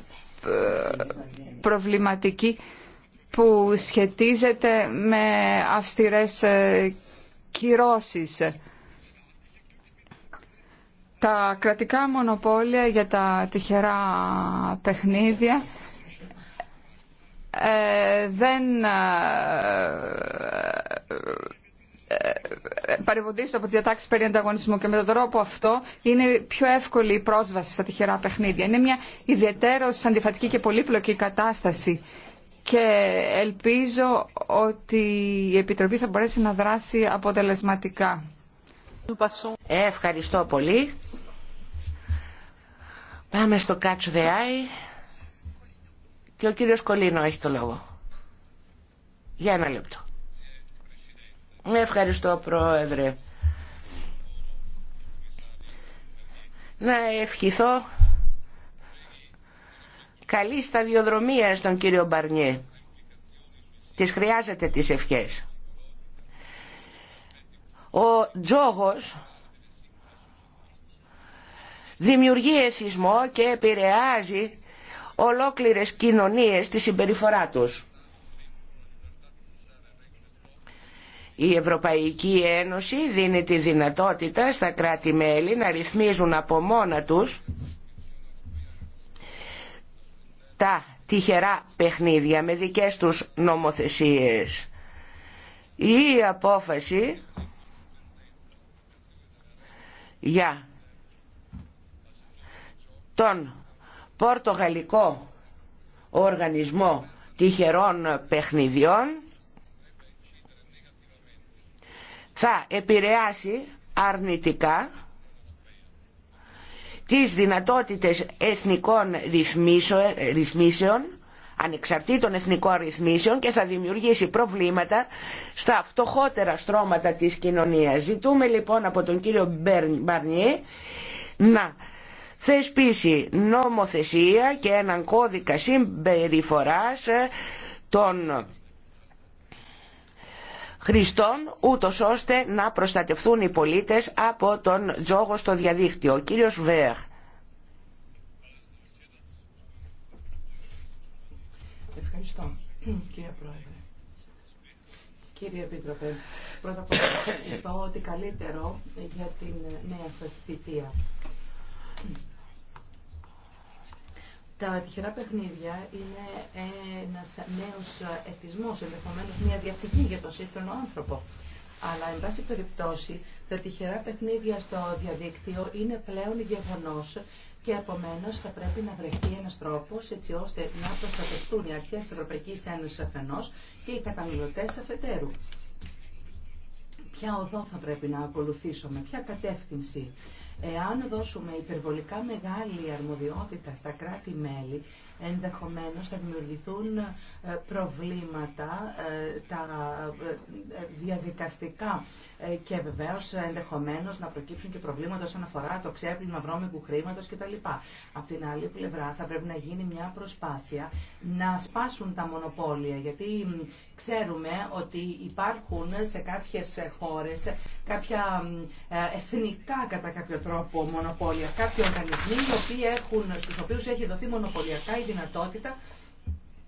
προβληματική που σχετίζεται με αυστηρές ε, κυρώσεις. Τα κρατικά μονοπόλια για τα τυχερά παιχνίδια ε, δεν ε, ε, παρεμποδίζονται από τι διατάξει περί ανταγωνισμού και με τον τρόπο αυτό είναι πιο εύκολη η πρόσβαση στα τυχερά παιχνίδια. Είναι μια ιδιαίτερο αντιφατική και πολύπλοκη κατάσταση και ελπίζω ότι η Επιτροπή θα μπορέσει να δράσει αποτελεσματικά. Ευχαριστώ πολύ. Πάμε στο Catch the Eye. Και ο κύριος Κολίνο έχει το λόγο. Για ένα λεπτό. Ναι, ευχαριστώ πρόεδρε. Να ευχηθώ καλή σταδιοδρομία στον κύριο Μπαρνιέ. Τις χρειάζεται τις ευχές. Ο τζόγος δημιουργεί εθισμό και επηρεάζει ολόκληρες κοινωνίες στη συμπεριφορά τους. Η Ευρωπαϊκή Ένωση δίνει τη δυνατότητα στα κράτη-μέλη να ρυθμίζουν από μόνα τους τα τυχερά παιχνίδια με δικές τους νομοθεσίες. Η απόφαση για τον πορτογαλικό οργανισμό τυχερών παιχνιδιών θα επηρεάσει αρνητικά τις δυνατότητες εθνικών ρυθμίσεων, ανεξαρτήτων εθνικών ρυθμίσεων και θα δημιουργήσει προβλήματα στα φτωχότερα στρώματα της κοινωνίας. Ζητούμε λοιπόν από τον κύριο Μπαρνιέ να θεσπίσει νομοθεσία και έναν κώδικα συμπεριφοράς ε, των χρηστών ούτως ώστε να προστατευθούν οι πολίτες από τον τζόγο στο διαδίκτυο. κύριος Βέρ. Ευχαριστώ κύριε Πρόεδρε. Κύριε Επίτροπε, πρώτα απ' όλα ότι καλύτερο για την νέα σας θητεία. Τα τυχερά παιχνίδια είναι ένα νέο εθισμό, Ενδεχομένω, μια διαφυγή για τον σύγχρονο άνθρωπο. Αλλά, εν πάση περιπτώσει, τα τυχερά παιχνίδια στο διαδίκτυο είναι πλέον γεγονός και επομένω θα πρέπει να βρεθεί ένα τρόπο έτσι ώστε να προστατευτούν οι αρχέ τη Ευρωπαϊκή Ένωση αφενό και οι καταναλωτέ αφετέρου. Ποια οδό θα πρέπει να ακολουθήσουμε, ποια κατεύθυνση. Εάν δώσουμε υπερβολικά μεγάλη αρμοδιότητα στα κράτη-μέλη, ενδεχομένως θα δημιουργηθούν ε, προβλήματα ε, τα ε, διαδικαστικά και βεβαίως ενδεχομένως να προκύψουν και προβλήματα όσον αφορά το ξέπλυμα βρώμικου χρήματος κτλ. Απ' την άλλη πλευρά θα πρέπει να γίνει μια προσπάθεια να σπάσουν τα μονοπόλια γιατί Ξέρουμε ότι υπάρχουν σε κάποιες χώρες κάποια ε, εθνικά κατά κάποιο τρόπο μονοπόλια, κάποιοι οργανισμοί οποίοι έχουν, στους οποίους έχει δοθεί μονοπωλιακά η δυνατότητα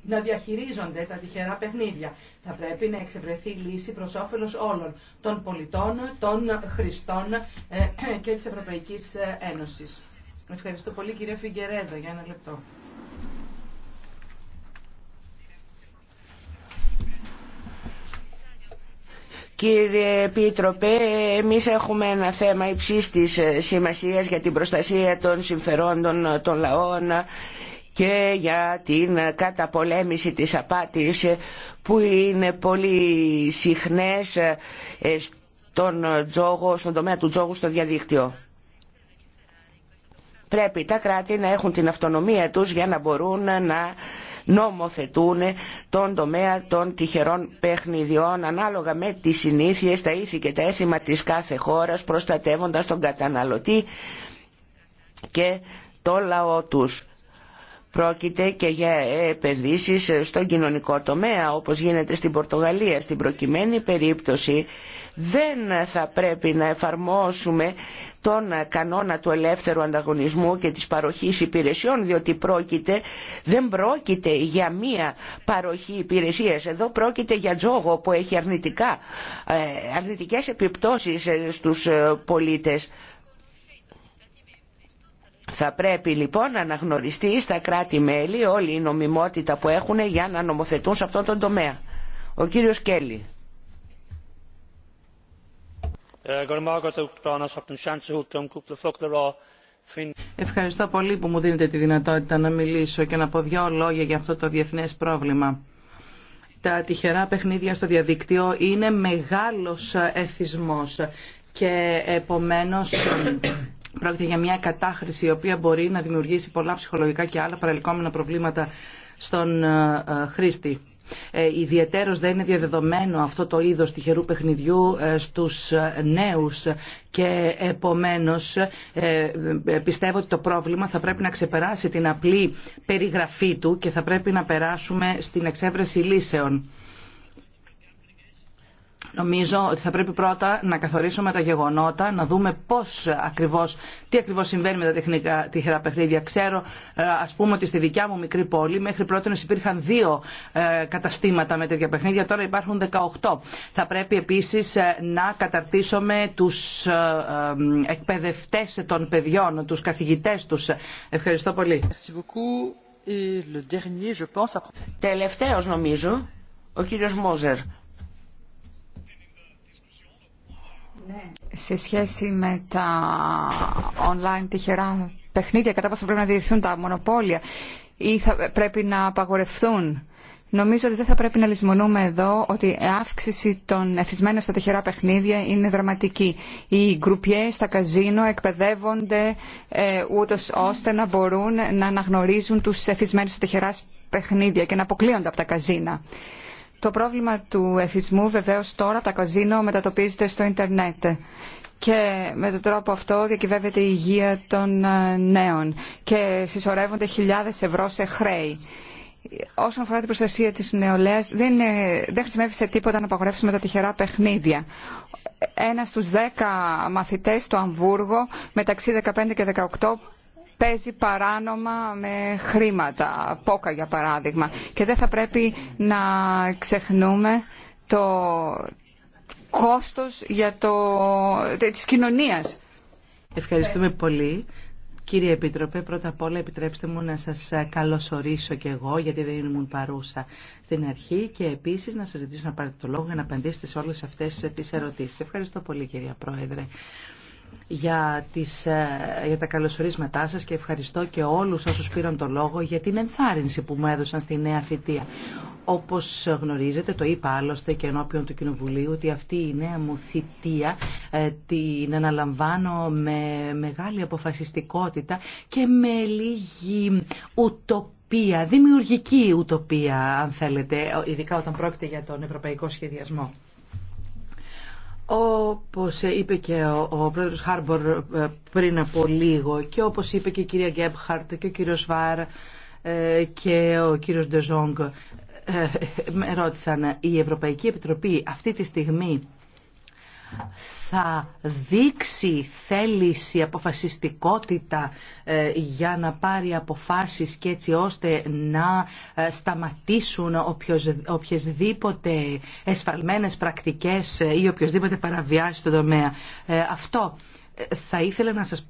να διαχειρίζονται τα τυχερά παιχνίδια. Θα πρέπει να εξευρεθεί λύση προς όφελος όλων των πολιτών, των χρηστών ε, ε, και της Ευρωπαϊκής Ένωσης. Ευχαριστώ πολύ κύριε Φιγκερέδο για ένα λεπτό. Κύριε Επίτροπε, εμείς έχουμε ένα θέμα υψίστης της ε, σημασίας για την προστασία των συμφερόντων ε, των λαών και για την καταπολέμηση της απάτης ε, που είναι πολύ συχνές στον, τζόγο, στον τομέα του τζόγου στο διαδίκτυο. Πρέπει τα κράτη να έχουν την αυτονομία τους για να μπορούν να νομοθετούν τον τομέα των τυχερών παιχνιδιών ανάλογα με τις συνήθειες, τα ήθη και τα έθιμα της κάθε χώρας προστατεύοντας τον καταναλωτή και το λαό τους. Πρόκειται και για επενδύσεις στον κοινωνικό τομέα, όπως γίνεται στην Πορτογαλία. Στην προκειμένη περίπτωση δεν θα πρέπει να εφαρμόσουμε τον κανόνα του ελεύθερου ανταγωνισμού και της παροχής υπηρεσιών, διότι δεν πρόκειται για μία παροχή υπηρεσίας. Εδώ πρόκειται για τζόγο που έχει αρνητικά, ε, αρνητικές επιπτώσεις ε, στους ε, πολίτες. Θα πρέπει λοιπόν να αναγνωριστεί στα κράτη-μέλη όλη η νομιμότητα που έχουν για να νομοθετούν σε αυτόν τον τομέα. Ο κύριος Κέλλη. Ευχαριστώ πολύ που μου δίνετε τη δυνατότητα να μιλήσω και να πω δυο λόγια για αυτό το διεθνές πρόβλημα. Τα τυχερά παιχνίδια στο διαδίκτυο είναι μεγάλος εθισμός και επομένως Πρόκειται για μια κατάχρηση η οποία μπορεί να δημιουργήσει πολλά ψυχολογικά και άλλα παρελκόμενα προβλήματα στον ε, ε, χρήστη. Ε, ιδιαιτέρως δεν είναι διαδεδομένο αυτό το είδος τυχερού παιχνιδιού ε, στους νέους και επομένως πιστεύω ότι το πρόβλημα θα πρέπει να ξεπεράσει την απλή περιγραφή του και θα πρέπει να περάσουμε στην εξέβρεση λύσεων. Νομίζω ότι θα πρέπει πρώτα να καθορίσουμε τα γεγονότα, να δούμε πώς ακριβώς, τι ακριβώς συμβαίνει με τα τεχνικά τυχερά παιχνίδια. Ξέρω, ε, ας πούμε, ότι στη δικιά μου μικρή πόλη μέχρι πρώτη υπήρχαν δύο ε, καταστήματα με τέτοια παιχνίδια, τώρα υπάρχουν 18. Θα πρέπει επίσης ε, να καταρτήσουμε τους εκπαιδευτές των παιδιών, τους καθηγητές τους. Ευχαριστώ πολύ. Τελευταίος νομίζω, ο κύριος Μόζερ. Σε σχέση με τα online τυχερά παιχνίδια, κατά πόσο πρέπει να διευθύνουν τα μονοπόλια ή θα πρέπει να απαγορευθούν. Νομίζω ότι δεν θα πρέπει να λησμονούμε εδώ ότι η αύξηση των εθισμένων στα τυχερά παιχνίδια είναι δραματική. Οι γκρουπιέ στα καζίνο εκπαιδεύονται ε, ούτω ώστε να μπορούν να αναγνωρίζουν τους εθισμένους στα τυχερά παιχνίδια και να αποκλείονται από τα καζίνα. Το πρόβλημα του εθισμού βεβαίως τώρα τα καζίνο μετατοπίζεται στο ίντερνετ και με τον τρόπο αυτό διακυβεύεται η υγεία των ε, νέων και συσσωρεύονται χιλιάδες ευρώ σε χρέη. Όσον αφορά την προστασία της νεολαίας, δεν, δεν χρησιμεύει σε τίποτα να απαγορεύσουμε τα τυχερά παιχνίδια. Ένα στους δέκα μαθητές στο Αμβούργο, μεταξύ 15 και 18, παίζει παράνομα με χρήματα, πόκα για παράδειγμα. Και δεν θα πρέπει να ξεχνούμε το κόστος για το, της κοινωνίας. Ευχαριστούμε πολύ. Κύριε Επίτροπε, πρώτα απ' όλα επιτρέψτε μου να σας καλωσορίσω και εγώ, γιατί δεν ήμουν παρούσα στην αρχή και επίσης να σας ζητήσω να πάρετε το λόγο για να απαντήσετε σε όλες αυτές τις ερωτήσεις. Ευχαριστώ πολύ κυρία Πρόεδρε για, τις, ε, για τα καλωσορίσματά σας και ευχαριστώ και όλους όσους πήραν το λόγο για την ενθάρρυνση που μου έδωσαν στη νέα θητεία. Όπως γνωρίζετε, το είπα άλλωστε και ενώπιον του Κοινοβουλίου, ότι αυτή η νέα μου θητεία ε, την αναλαμβάνω με μεγάλη αποφασιστικότητα και με λίγη ουτοπία δημιουργική ουτοπία αν θέλετε, ειδικά όταν πρόκειται για τον ευρωπαϊκό σχεδιασμό. Όπως είπε και ο, ο πρόεδρος Χάρμπορ ε, πριν από λίγο και όπως είπε και η κυρία Γκέμπχαρτ και ο κύριος Βάρ ε, και ο κύριος Ντεζόγκ ε, με ρώτησαν η Ευρωπαϊκή Επιτροπή αυτή τη στιγμή θα δείξει θέληση, αποφασιστικότητα ε, για να πάρει αποφάσεις και έτσι ώστε να ε, σταματήσουν οποιασδήποτε εσφαλμένες πρακτικές ε, ή οποιοδήποτε παραβιάσει στον τομέα. Αυτό θα ήθελα να σας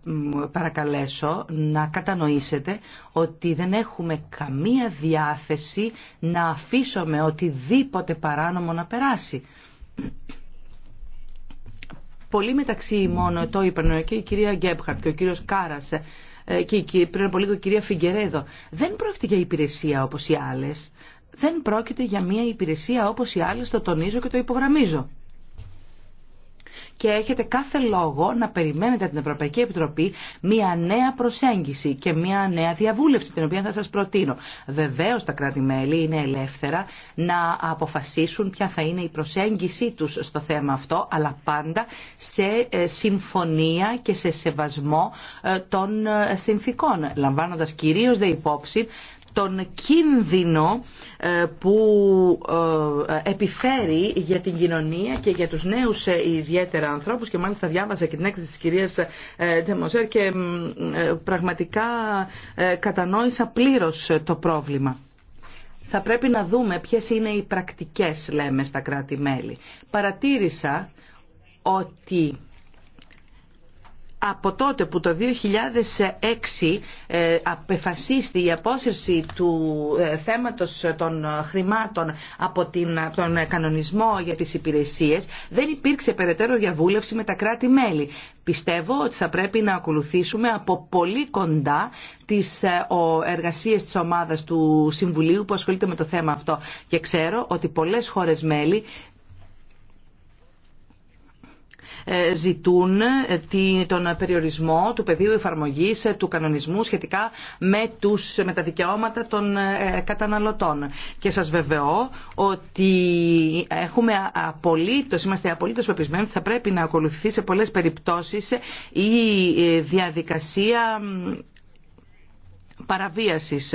παρακαλέσω να κατανοήσετε ότι δεν έχουμε καμία διάθεση να αφήσουμε οτιδήποτε παράνομο να περάσει πολύ μεταξύ μόνο το είπαν και η κυρία Γκέμπχαρτ και ο κύριος Κάρας ε, και πριν από λίγο η κυρία Φιγκερέδο. Δεν πρόκειται για υπηρεσία όπως οι άλλες. Δεν πρόκειται για μια υπηρεσία όπως οι άλλες, το τονίζω και το υπογραμμίζω και έχετε κάθε λόγο να περιμένετε από την Ευρωπαϊκή Επιτροπή μια νέα προσέγγιση και μια νέα διαβούλευση την οποία θα σας προτείνω. Βεβαίω, τα κράτη-μέλη είναι ελεύθερα να αποφασίσουν ποια θα είναι η προσέγγιση του στο θέμα αυτό αλλά πάντα σε ε, συμφωνία και σε σεβασμό ε, των ε, συνθήκων λαμβάνοντα κυρίω δε υπόψη τον κίνδυνο ε, που ε, επιφέρει για την κοινωνία και για τους νέους ε, ιδιαίτερα ανθρώπους και μάλιστα διάβαζα και την έκθεση της κυρίας Τεμοζέρ και πραγματικά κατανόησα πλήρως το πρόβλημα. Θα πρέπει να δούμε ποιες είναι οι πρακτικές, λέμε, στα κράτη-μέλη. Παρατήρησα ότι από τότε που το 2006 ε, απεφασίστη η απόσυρση του ε, θέματος των χρημάτων από τον κανονισμό για τις υπηρεσίες δεν υπήρξε περαιτέρω διαβούλευση με τα κράτη-μέλη. Πιστεύω ότι θα πρέπει να ακολουθήσουμε από πολύ κοντά τις ε, εργασίες της ομάδας του Συμβουλίου που ασχολείται με το θέμα αυτό. Και ξέρω ότι πολλές χώρες μέλη ε, ζητούν ε, τον περιορισμό του πεδίου εφαρμογή ε, του κανονισμού σχετικά με, τους, με τα δικαιώματα των καταναλωτών. Και σας βεβαιώ ότι έχουμε απολύτως, είμαστε απολύτως πεπισμένοι ότι θα πρέπει να ακολουθηθεί σε πολλές περιπτώσεις η διαδικασία παραβίασης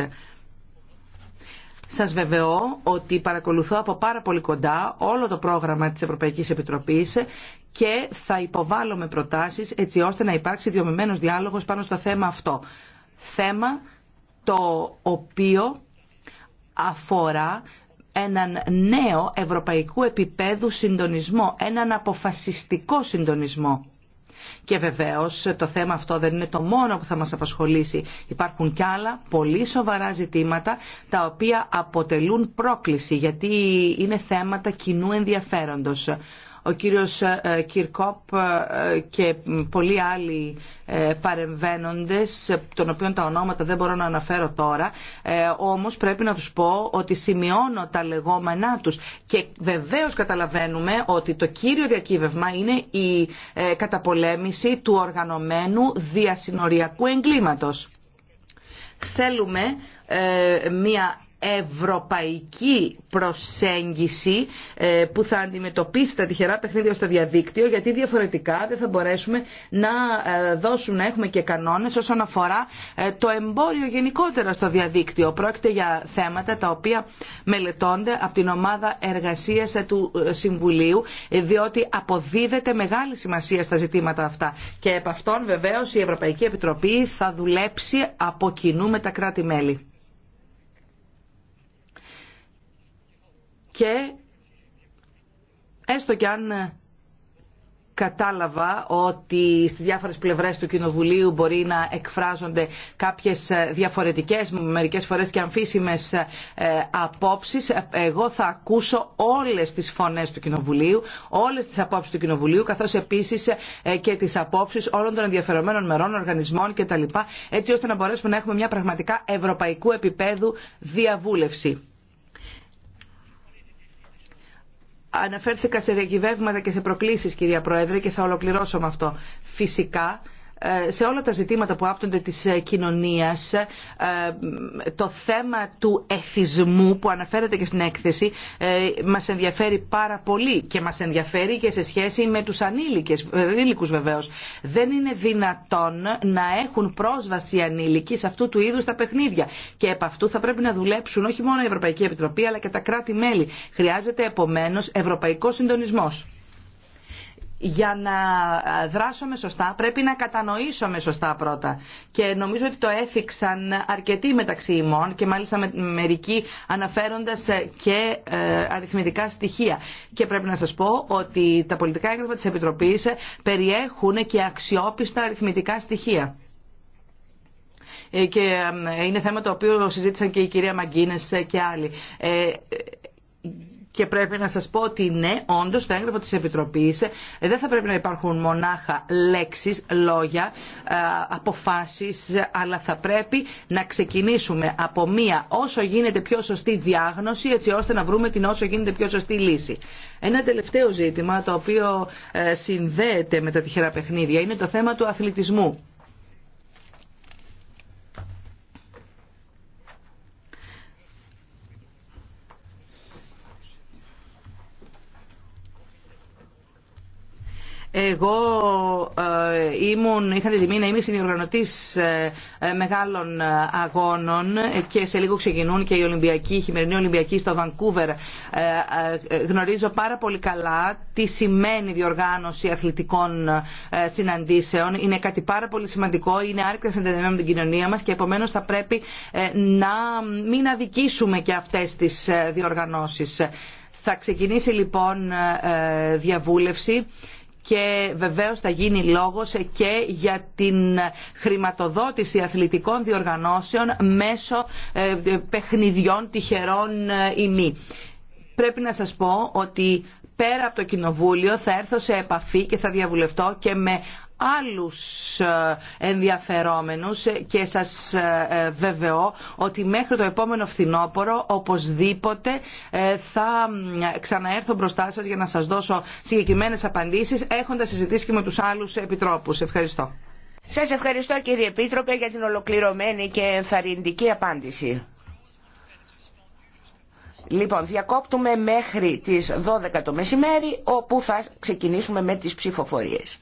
σας βεβαιώ ότι παρακολουθώ από πάρα πολύ κοντά όλο το πρόγραμμα της Ευρωπαϊκής Επιτροπής και θα υποβάλλω με προτάσεις έτσι ώστε να υπάρξει διομημένος διάλογος πάνω στο θέμα αυτό. Θέμα το οποίο αφορά έναν νέο ευρωπαϊκού επίπεδου συντονισμό, έναν αποφασιστικό συντονισμό. Και βεβαίω, το θέμα αυτό δεν είναι το μόνο που θα μας απασχολήσει. Υπάρχουν κι άλλα πολύ σοβαρά ζητήματα τα οποία αποτελούν πρόκληση γιατί είναι θέματα κοινού ενδιαφέροντος ο κύριος ε, Κυρκόπ ε, και πολλοί άλλοι ε, παρεμβαίνοντες, των οποίων τα ονόματα δεν μπορώ να αναφέρω τώρα, όμως πρέπει να τους πω ότι σημειώνω τα λεγόμενά τους και βεβαίως καταλαβαίνουμε ότι το κύριο διακύβευμα είναι η καταπολέμηση του οργανωμένου διασυνοριακού εγκλήματος. Θέλουμε μία ευρωπαϊκή προσέγγιση ε, που θα αντιμετωπίσει τα τυχερά παιχνίδια στο διαδίκτυο γιατί διαφορετικά δεν θα μπορέσουμε να ε, δώσουν να έχουμε και κανόνες όσον αφορά ε, το εμπόριο γενικότερα στο διαδίκτυο. Πρόκειται για θέματα τα οποία μελετώνται από την ομάδα εργασίας του Συμβουλίου διότι αποδίδεται μεγάλη σημασία στα ζητήματα αυτά και επ' αυτών βεβαίως η Ευρωπαϊκή Επιτροπή θα δουλέψει από κοινού με τα κράτη-μέλη. και έστω κι αν κατάλαβα ότι στις διάφορες πλευρές του Κοινοβουλίου μπορεί να εκφράζονται κάποιες διαφορετικές, μερικές φορές και αμφίσιμες ε, απόψεις. Εγώ θα ακούσω όλες τις φωνές του Κοινοβουλίου, όλες τις απόψεις του Κοινοβουλίου, καθώς επίσης ε, και τις απόψεις όλων των ενδιαφερομένων μερών, οργανισμών κτλ. Έτσι ώστε να μπορέσουμε να έχουμε μια πραγματικά ευρωπαϊκού επίπεδου διαβούλευση. Αναφέρθηκα σε διακυβεύματα και σε προκλήσεις, κυρία Πρόεδρε, και θα ολοκληρώσω με αυτό. Φυσικά, σε όλα τα ζητήματα που άπτονται της ε, κοινωνίας ε, το θέμα του εθισμού που αναφέρεται και στην έκθεση ε, μας ενδιαφέρει πάρα πολύ και μας ενδιαφέρει και σε σχέση με τους ανήλικες, ανήλικους βεβαίως. Δεν είναι δυνατόν να έχουν πρόσβαση οι ανήλικοι σε αυτού του είδους τα παιχνίδια και επ' αυτού θα πρέπει να δουλέψουν όχι μόνο η Ευρωπαϊκή Επιτροπή αλλά και τα κράτη-μέλη. Χρειάζεται επομένως ευρωπαϊκό συντονισμός για να ε, δράσουμε σωστά πρέπει να κατανοήσουμε σωστά πρώτα. Και νομίζω ότι το έθιξαν αρκετοί μεταξύ ημών και μάλιστα μερικοί αναφέροντας ε, και ε, αριθμητικά στοιχεία. Και πρέπει να σας πω ότι τα πολιτικά έγγραφα της Επιτροπής περιέχουν και αξιόπιστα αριθμητικά στοιχεία και είναι θέμα το οποίο συζήτησαν και η κυρία Μαγκίνες και άλλοι και πρέπει να σας πω ότι ναι, όντως το έγγραφο της Επιτροπής ε, δεν θα πρέπει να υπάρχουν μονάχα λέξεις, λόγια, ε, αποφάσεις, ε, αλλά θα πρέπει να ξεκινήσουμε από μία όσο γίνεται πιο σωστή διάγνωση, έτσι ώστε να βρούμε την όσο γίνεται πιο σωστή λύση. Ένα τελευταίο ζήτημα το οποίο συνδέεται με τα τυχερά παιχνίδια είναι το θέμα του αθλητισμού Εγώ ε, ήμουν, είχα την τιμή να είμαι συνδιοργανωτής ε, ε, μεγάλων αγώνων και σε λίγο ξεκινούν και οι Ολυμπιακοί, οι χειμερινοί Ολυμπιακοί στο Βανκούβερ. Γνωρίζω πάρα πολύ καλά τι σημαίνει διοργάνωση αθλητικών συναντήσεων. Είναι κάτι πάρα πολύ σημαντικό, είναι άρρηκτα συνδεδεμένο με την κοινωνία μας και επομένως θα πρέπει να μην αδικήσουμε και αυτές τις διοργανώσεις. Θα ξεκινήσει λοιπόν διαβούλευση και βεβαίως θα γίνει λόγος και για την χρηματοδότηση αθλητικών διοργανώσεων μέσω ε, παιχνιδιών τυχερών ε, ημί. Πρέπει να σας πω ότι πέρα από το Κοινοβούλιο θα έρθω σε επαφή και θα διαβουλευτώ και με άλλους ε, ενδιαφερόμενους και σας ε, ε, βεβαιώ ότι μέχρι το επόμενο φθινόπωρο οπωσδήποτε θα ξαναέρθω μπροστά σας για να σας δώσω συγκεκριμένες απαντήσεις έχοντας συζητήσει και με τους άλλους επιτρόπους. Ευχαριστώ. Σας ευχαριστώ κύριε Επίτροπε για την ολοκληρωμένη και ενθαρρυντική απάντηση. Λοιπόν, διακόπτουμε μέχρι τις 12 το μεσημέρι, όπου θα ξεκινήσουμε με τις ψηφοφορίες.